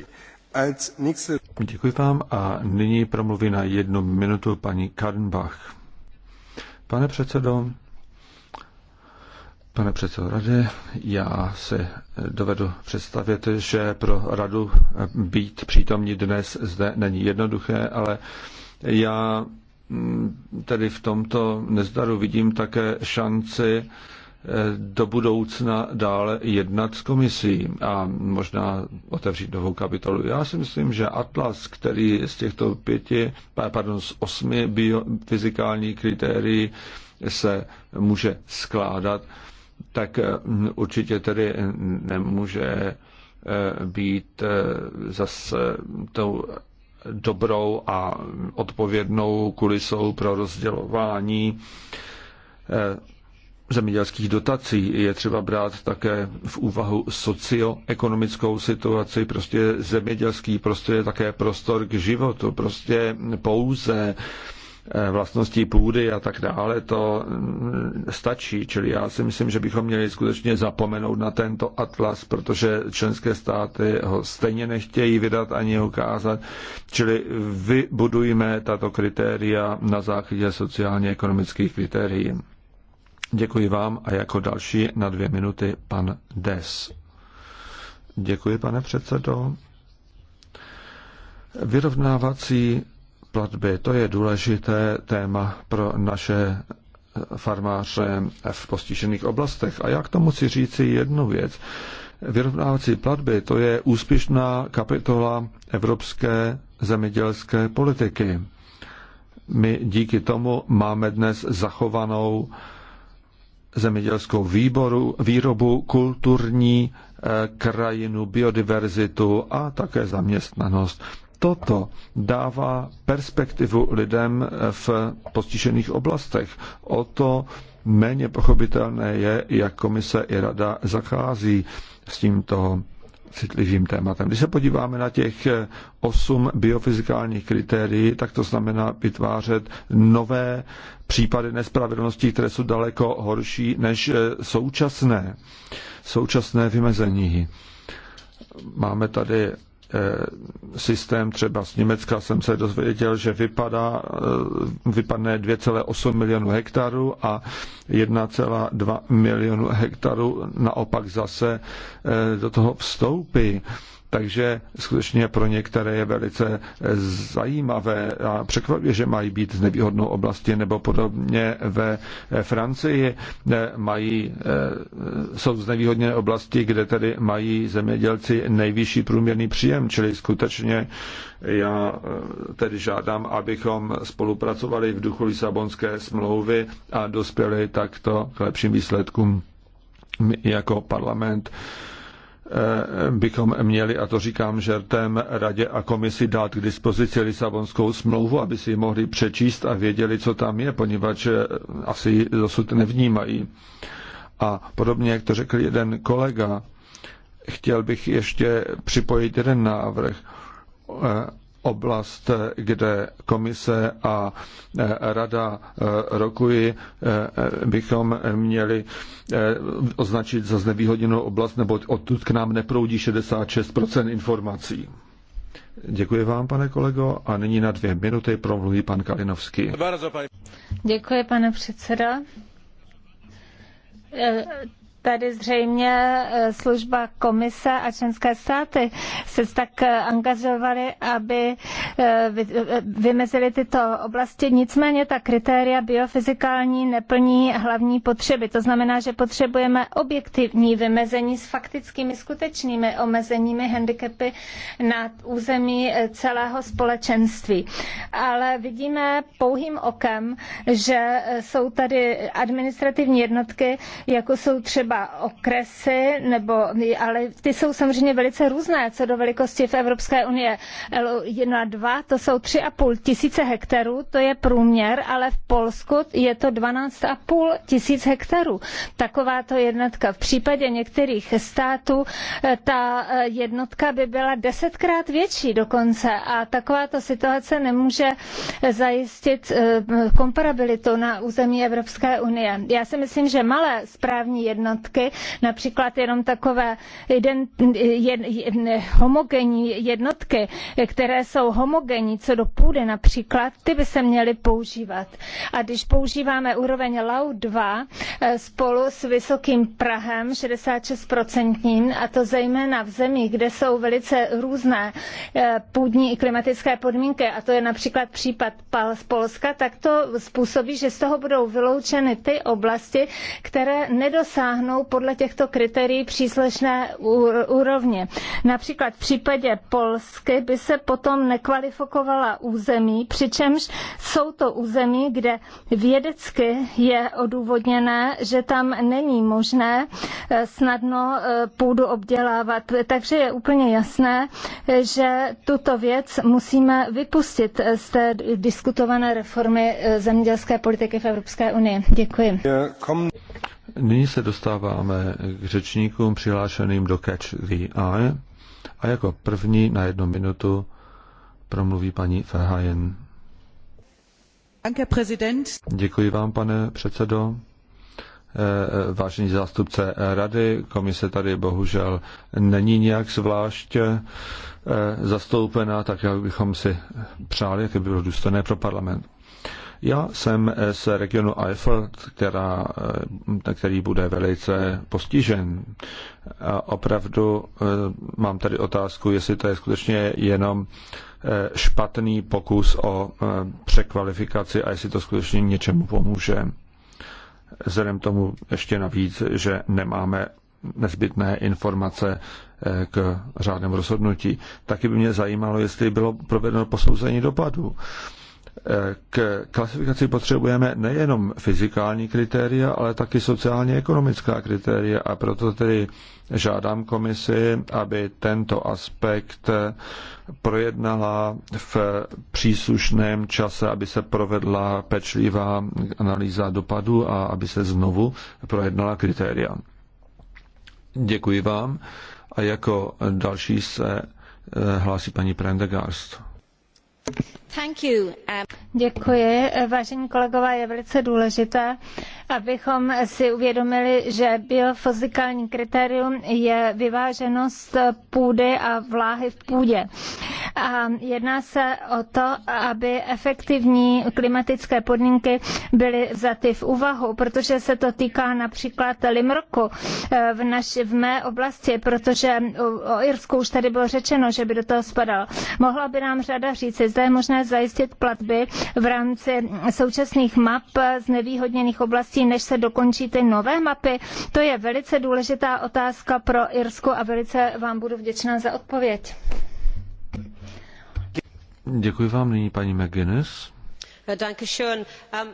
Děkuji vám a nyní promluví na jednu minutu paní Kadenbach. Pane předsedo, Pane předsedo rady, já si dovedu představit, že pro radu být přítomní dnes zde není jednoduché, ale já Mm, tedy v tomto nezdaru vidím také šanci eh, do budoucna dále jednat s komisí a možná otevřít novou kapitolu. Já si myslím, že Atlas, který z těchto pěti, pardon, z osmi biofyzikálních kritérií se může skládat, tak eh, určitě tedy nemůže eh, být zase tou dobrou a odpovědnou kulisou pro rozdělování eh, zemědělských dotací. Je třeba brát také v úvahu socioekonomickou situaci. Prostě zemědělský prostor je také prostor k životu. Prostě pouze Eh, vlastností půdy a tak dále, to stačí. Čili já si myslím, že bychom měli skutečně zapomenout na tento atlas, protože členské státy ho stejně nechtějí vydat ani ukázat. Čili vybudujme tato kritéria na základě sociálně-ekonomických kritérií. Děkuji vám a jako další na dvě minuty pan Des. Děkuji, pane předsedo. Vyrovnávací platby, to je důležité téma pro naše farmáře v postižených oblastech. A já k tomu chci říci jednu věc. Vyrovnávací platby, to je úspěšná kapitola evropské zemědělské politiky. My díky tomu máme dnes zachovanou zemědělskou výboru, výrobu, kulturní eh, krajinu, biodiverzitu a také zaměstnanost toto dává perspektivu lidem v postižených oblastech. O to méně pochopitelné je, jak komise i rada zachází s tímto citlivým tématem. Když se podíváme na těch osm biofyzikálních kritérií, tak to znamená vytvářet nové případy nespravedlnosti, které jsou daleko horší než současné, současné vymezení. Máme tady Eh, systém třeba z Německa jsem se dozvěděl, že vypadá, eh, vypadne 2,8 milionů hektarů a 1,2 milionu hektarů naopak zase eh, do toho vstoupí. Takže skutečně pro některé je velice zajímavé a překvapivé, že mají být z nevýhodnou oblasti nebo podobně ve Francii mají, eh, jsou z nevýhodné oblasti, kde tedy mají zemědělci nejvyšší průměrný příjem, čili skutečně já eh, tedy žádám, abychom spolupracovali v duchu Lisabonské smlouvy a dospěli takto k lepším výsledkům jako parlament Eh, bychom měli, a to říkám žertem, radě a komisi dát k dispozici Lisabonskou smlouvu, aby si ji mohli přečíst a věděli, co tam je, poněvadž eh, asi ji dosud nevnímají. A podobně, jak to řekl jeden kolega, chtěl bych ještě připojit jeden návrh. Eh, oblast, kde komise a e, rada e, rokují, e, bychom měli označit za znevýhodněnou oblast, nebo odtud k nám neproudí 66% informací. Děkuji vám, pane kolego, a nyní na dvě minuty promluví pan Kalinovský. Děkuji, pane předseda tady zřejmě eh, služba komise a členské státy se tak eh, angažovaly, aby eh, vymezily tyto oblasti. Nicméně ta kritéria biofyzikální neplní hlavní potřeby. To znamená, že potřebujeme objektivní vymezení s faktickými skutečnými omezeními handicapy na území celého společenství. Ale vidíme pouhým okem, že jsou tady administrativní jednotky, jako jsou třeba třeba okresy, nebo, ale ty jsou samozřejmě velice různé co do velikosti v Evropské unii. a dva to jsou tři a půl tisíce hektarů, to je průměr, ale v Polsku je to 12,5 tisíc hektarů. Taková to jednotka. V případě některých států eh, ta eh, jednotka by byla desetkrát větší dokonce a takováto situace nemůže eh, zajistit komparabilitu na území Evropské unie. Já si myslím, že malé správní jednotky jednotky, například jenom takové jeden, jed, homogenní jednotky, které jsou homogenní co do půdy například, ty by se měly používat. A když používáme úroveň LAU 2 eh, spolu s vysokým Prahem 66% a to zejména v zemích, kde jsou velice různé eh, půdní i klimatické podmínky, a to je například případ z Polska, tak to způsobí, že z toho budou vyloučeny ty oblasti, které nedosáhnou dosáhnou podle těchto kritérií příslušné úrovně. Například v případě Polsky by se potom nekvalifikovala území, přičemž jsou to území, kde vědecky je odůvodněné, že tam není možné eh, snadno eh, půdu obdělávat. Takže je úplně jasné, že tuto věc musíme vypustit z té diskutované reformy eh, zemědělské politiky v Evropské unii. Děkuji. Nyní se dostáváme k řečníkům přihlášeným do Catch the Eye a jako první na jednu minutu promluví paní Verheyen. Děkuji vám, pane předsedo. Eh, vážení zástupce rady, komise tady bohužel není nějak zvlášť eh, zastoupená, tak jak bychom si přáli, jak by bylo důstojné pro parlament. Já jsem z regionu Eifel, která, eh, který bude velice postižen. A opravdu eh, mám tady otázku, jestli to je skutečně jenom eh, špatný pokus o překvalifikaci a jestli to skutečně něčemu pomůže. Vzhledem tomu ještě navíc, že nemáme nezbytné informace k řádnému rozhodnutí. Taky by mě zajímalo, jestli bylo provedeno posouzení dopadu. K klasifikaci potřebujeme nejenom fyzikální kritéria, ale taky sociálně-ekonomická kritéria a proto tedy žádám komisi, aby tento aspekt projednala v příslušném čase, aby se provedla pečlivá analýza dopadu a aby se znovu projednala kritéria. Děkuji vám a jako další se eh, hlásí paní Prendergast. Um, Děkuji. je velice důležité, abychom si uvědomili, že biofyzikální kritérium je vyváženost půdy a vláhy v půdě. A jedná se o to, aby efektivní klimatické podmínky byly vzaty v úvahu, protože se to týká například Limroku eh, v, naši, v mé oblasti, protože o Irsku už tady bylo řečeno, že by do toho spadalo Mohla by nám řada říci, zda je možné zajistit platby v rámci současných map z nevýhodněných oblastí, než se dokončí ty nové mapy? To je velice důležitá otázka pro Irsko a velice vám budu vděčná za odpověď. Děkuji vám nyní paní McGuinness. Dankeschön. Um...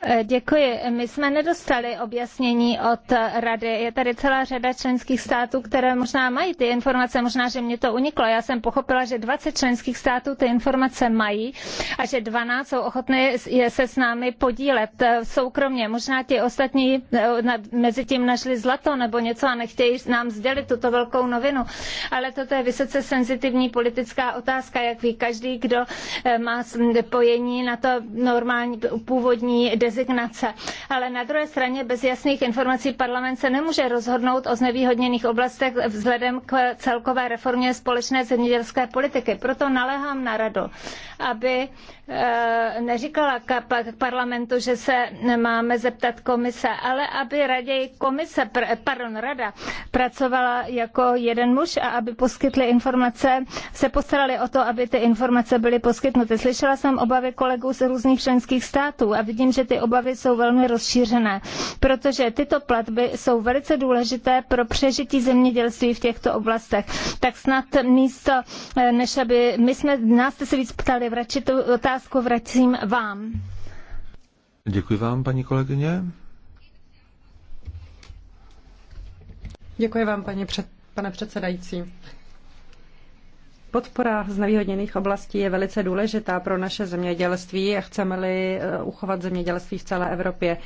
Eh, děkuji. My jsme nedostali objasnění od Rady. Je tady celá řada členských států, které možná mají ty informace, možná, že mě to uniklo. Já jsem pochopila, že 20 členských států ty informace mají a že 12 jsou ochotné se s námi podílet eh, soukromně. Možná ti ostatní eh, mezi tím našli zlato nebo něco a nechtějí nám sdělit tuto velkou novinu. Ale toto je vysoce senzitivní politická otázka, jak ví každý, kdo má spojení na to normální původní konkrétní designace. Ale na druhé straně bez jasných informací parlament se nemůže rozhodnout o znevýhodněných oblastech vzhledem k celkové reformě společné zemědělské politiky. Proto naléhám na radu, aby Eh, neříkala k parlamentu, že se máme zeptat komise, ale aby raději komise, pardon, rada pracovala jako jeden muž a aby poskytli informace, se postarali o to, aby ty informace byly poskytnuty. Slyšela jsem obavy kolegů z různých členských států a vidím, že ty obavy jsou velmi rozšířené, protože tyto platby jsou velice důležité pro přežití zemědělství v těchto oblastech. Tak snad místo, eh, než aby my jsme, nás jste se víc ptali, radši tu otázku otázku vracím vám. Děkuji vám, paní kolegyně. Děkuji vám, paní před, pane předsedající. Podpora nevýhodněných oblastí je velice důležitá pro naše zemědělství a chceme-li eh, uchovat zemědělství v celé Evropě.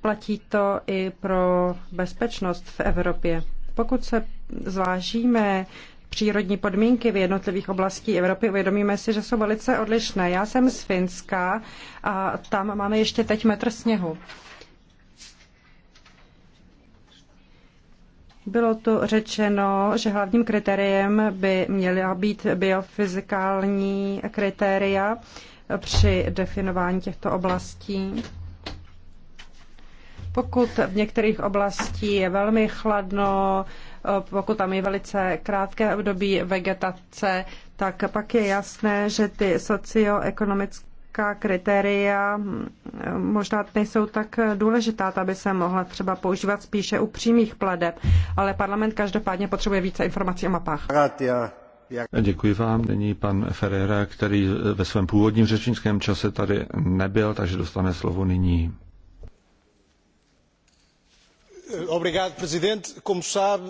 Platí to i pro bezpečnost v Evropě. Pokud se zvážíme přírodní podmínky v jednotlivých oblastí Evropy, uvědomíme si, že jsou velice odlišné. Já jsem z Finska a tam máme ještě teď metr sněhu. Bylo tu řečeno, že hlavním kritériem by měla být biofyzikální kritéria při definování těchto oblastí. Pokud v některých oblastí je velmi chladno, pokud tam je velice krátké období vegetace, tak pak je jasné, že ty socioekonomická kritéria možná nejsou tak důležitá, aby se mohla třeba používat spíše u přímých pladeb, ale parlament každopádně potřebuje více informací o mapách. Děkuji vám. Nyní pan Ferreira, který ve svém původním řečnickém čase tady nebyl, takže dostane slovo nyní. Obrigado, prezident. Como sabe,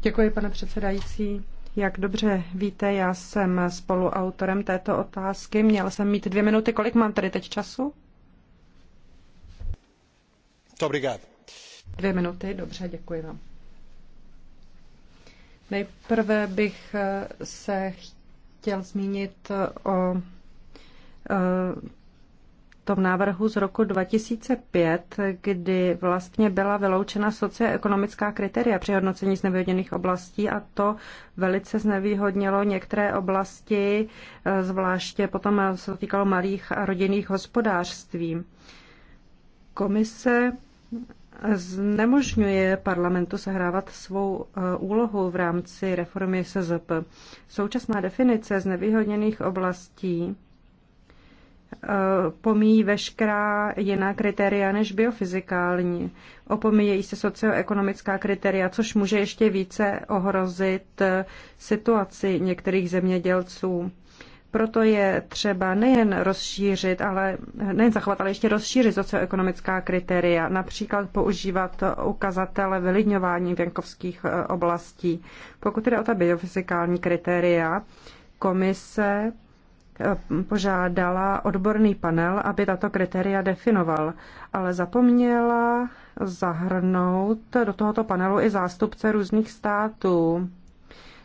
Děkuji, pane předsedající. Jak dobře víte, já jsem spoluautorem této otázky. Měl jsem mít dvě minuty. Kolik mám tady teď času? Dvě minuty, dobře, děkuji vám. Nejprve bych eh, se chtěl zmínit o eh, tom návrhu z roku 2005, kdy vlastně byla vyloučena socioekonomická kritéria při hodnocení znevýhodněných oblastí a to velice znevýhodnilo některé oblasti, eh, zvláště potom eh, se to týkalo malých a rodinných hospodářství. Komise znemožňuje parlamentu sehrávat svou eh, úlohu v rámci reformy SZP. Současná definice znevýhodněných oblastí Eh, pomíjí veškerá jiná kritéria než biofyzikální. Opomíjejí se socioekonomická kritéria, což může ještě více ohrozit eh, situaci některých zemědělců. Proto je třeba nejen rozšířit, ale nejen zachovat, ale ještě rozšířit socioekonomická kritéria, například používat ukazatele vylidňování venkovských eh, oblastí. Pokud jde o ta biofyzikální kritéria, komise požádala odborný panel, aby tato kritéria definoval, ale zapomněla zahrnout do tohoto panelu i zástupce různých států.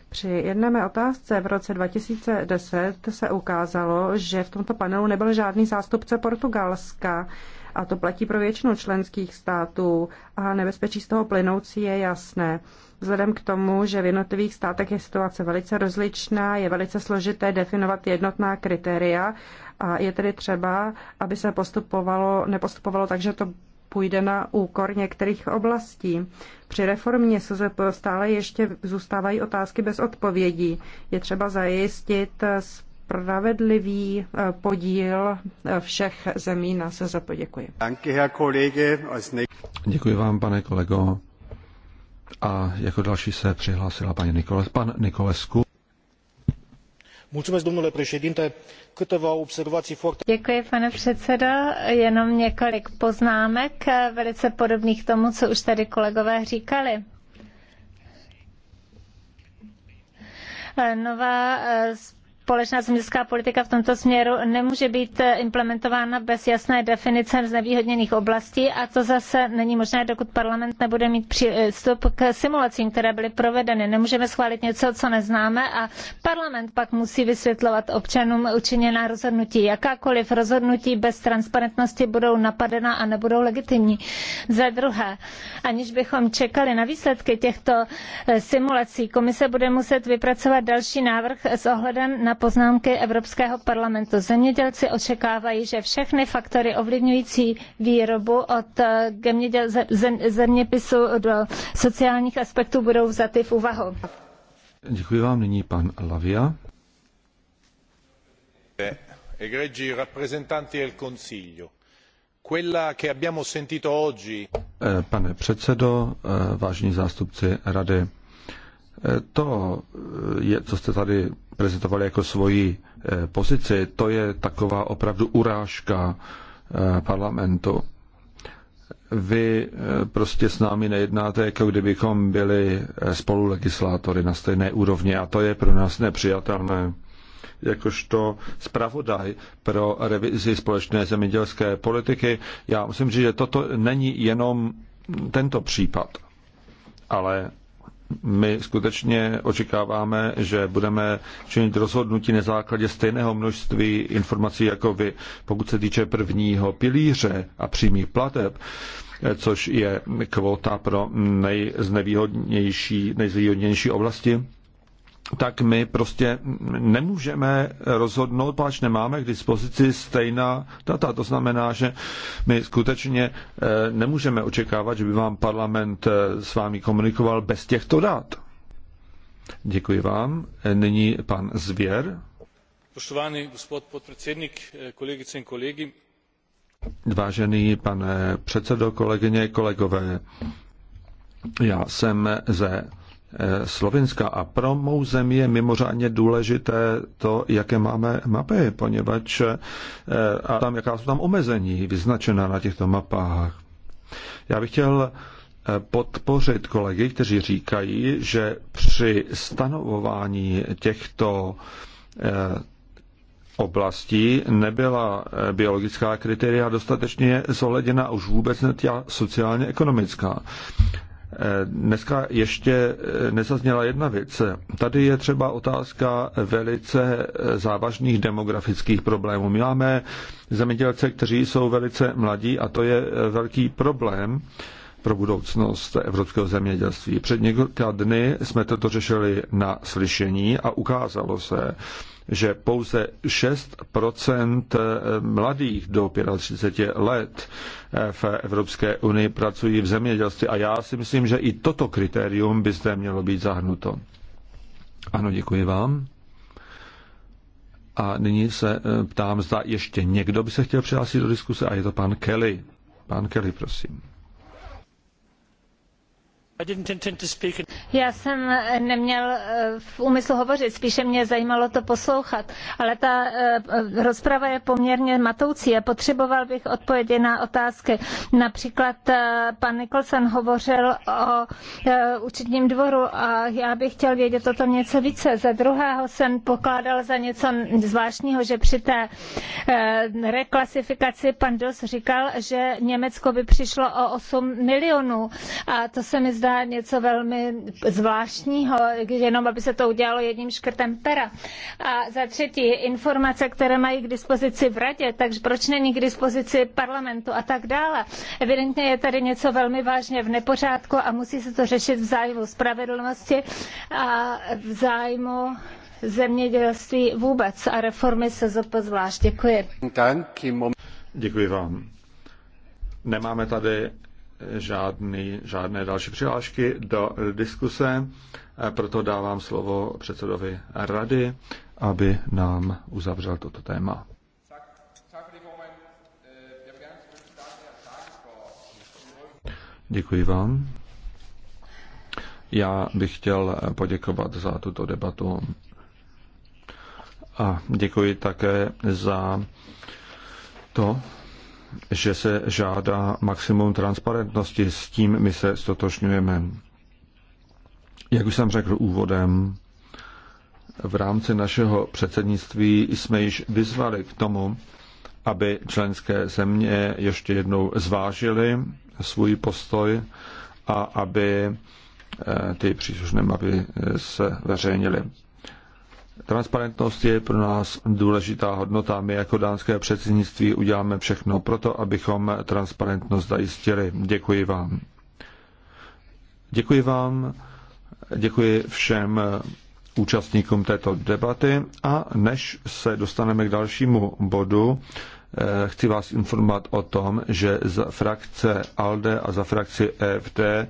Při jedné otázce v roce 2010 se ukázalo, že v tomto panelu nebyl žádný zástupce Portugalska a to platí pro většinu členských států a nebezpečí z toho plynoucí je jasné. Vzhledem k tomu, že v jednotlivých státech je situace velice rozličná, je velice složité definovat jednotná kritéria a je tedy třeba, aby se postupovalo, nepostupovalo tak, že to půjde na úkor některých oblastí. Při reformě se stále ještě zůstávají otázky bez odpovědí. Je třeba zajistit spravedlivý eh, podíl eh, všech zemí na SZP. Děkuji. Děkuji vám, pane kolego. A jako další se přihlásila paní Nikoles, pan Nikolesku. Děkuji, pane předsedo. Jenom několik poznámek, velice podobných tomu, co už tady kolegové říkali. Nová eh, společná zemědělská politika v tomto směru nemůže být eh, implementována bez jasné definice znevýhodněných oblastí a to zase není možné, dokud parlament nebude mít přístup eh, k simulacím, které byly provedeny. Nemůžeme schválit něco, co neznáme a parlament pak musí vysvětlovat občanům učiněná rozhodnutí. Jakákoliv rozhodnutí bez transparentnosti budou napadena a nebudou legitimní. Za druhé, aniž bychom čekali na výsledky těchto eh, simulací, komise bude muset vypracovat další návrh s ohledem na poznámky Evropského parlamentu. Zemědělci očekávají, že všechny faktory ovlivňující výrobu od eh, zeměpisu do sociálních aspektů budou vzaty v úvahu. Děkuji vám. Nyní pan Lavia. Egregi rappresentanti del Consiglio. Eh, pane předsedo, eh, vážení zástupci rady, to, je, co jste tady prezentovali jako svoji eh, pozici, to je taková opravdu urážka eh, parlamentu. Vy eh, prostě s námi nejednáte, jako kdybychom byli spolulegislátory na stejné úrovni a to je pro nás nepřijatelné jakožto zpravodaj pro revizi společné zemědělské politiky. Já musím říct, že toto není jenom tento případ, ale my skutečně očekáváme, že budeme činit rozhodnutí na základě stejného množství informací jako vy. Pokud se týče prvního pilíře a přímých plateb, což je kvota pro nejznevýhodnější, nejzvýhodnější oblasti, tak my prostě nemůžeme rozhodnout, páč nemáme k dispozici stejná data. To znamená, že my skutečně eh, nemůžeme očekávat, že by vám parlament eh, s vámi komunikoval bez těchto dat. Děkuji vám. Eh, nyní pan Zvěr. Poštovaný gospod podpredsednik, kolegice a kolegy. Vážený pane předsedo, kolegyně, kolegové, já jsem ze Slovenska a pro mou zemi je mimořádně důležité to, jaké máme mapy, poněvadž eh, a tam, jaká jsou tam omezení vyznačená na těchto mapách. Já bych chtěl eh, podpořit kolegy, kteří říkají, že při stanovování těchto eh, oblastí nebyla biologická kritéria dostatečně zohleděna už vůbec ne sociálně ekonomická. Dneska ještě eh, nezazněla jedna věc. Tady je třeba otázka velice eh, závažných demografických problémů. My máme zemědělce, kteří jsou velice mladí a to je eh, velký problém pro budoucnost evropského zemědělství. Před několika dny jsme toto řešili na slyšení a ukázalo se, že pouze 6 eh, mladých do 35 let eh, v Evropské unii pracují v zemědělství. A já si myslím, že i toto kritérium by zde mělo být zahrnuto. Ano, děkuji vám. A nyní se eh, ptám, zda ještě někdo by se chtěl přihlásit do diskuse a je to pan Kelly. Pan Kelly, prosím. Já jsem eh, neměl eh, v úmyslu hovořit, spíše mě zajímalo to poslouchat, ale ta eh, rozprava je poměrně matoucí a potřeboval bych odpovědi na otázky. Například pan Nicholson hovořil o účetním dvoru a já bych chtěl vědět o tom něco více. Za druhého jsem pokládal za něco zvláštního, že při té reklasifikaci pan Dos říkal, že Německo by přišlo o 8 milionů a to se mi zdá něco velmi zvláštního, jenom aby se to udělalo jedním škrtem pera. A za třetí, informace, které mají k dispozici v radě, takže proč není k dispozici parlamentu a tak dále. Evidentně je tady něco velmi vážně v nepořádku a musí se to řešit v zájmu spravedlnosti a v zájmu zemědělství vůbec a reformy se zvlášť. Děkuji. Děkuji vám. Nemáme tady žádný, žádné další přihlášky do diskuse, eh, proto dávám slovo předsedovi rady, aby nám uzavřel toto téma. Děkuji vám. Já bych chtěl poděkovat za tuto debatu a děkuji také za to, že se žádá maximum transparentnosti. S tím my se stotožňujeme. Jak už jsem řekl úvodem, v rámci našeho předsednictví jsme již vyzvali k tomu, aby členské země ještě jednou zvážily svůj postoj a aby eh, ty příslušné mapy se veřejnily. Transparentnost je pro nás důležitá hodnota. My jako dánské předsednictví uděláme všechno proto, abychom transparentnost zajistili. Děkuji vám. Děkuji vám, děkuji všem účastníkům této debaty a než se dostaneme k dalšímu bodu, eh, chci vás informovat o tom, že za frakce ALDE a za frakci EFT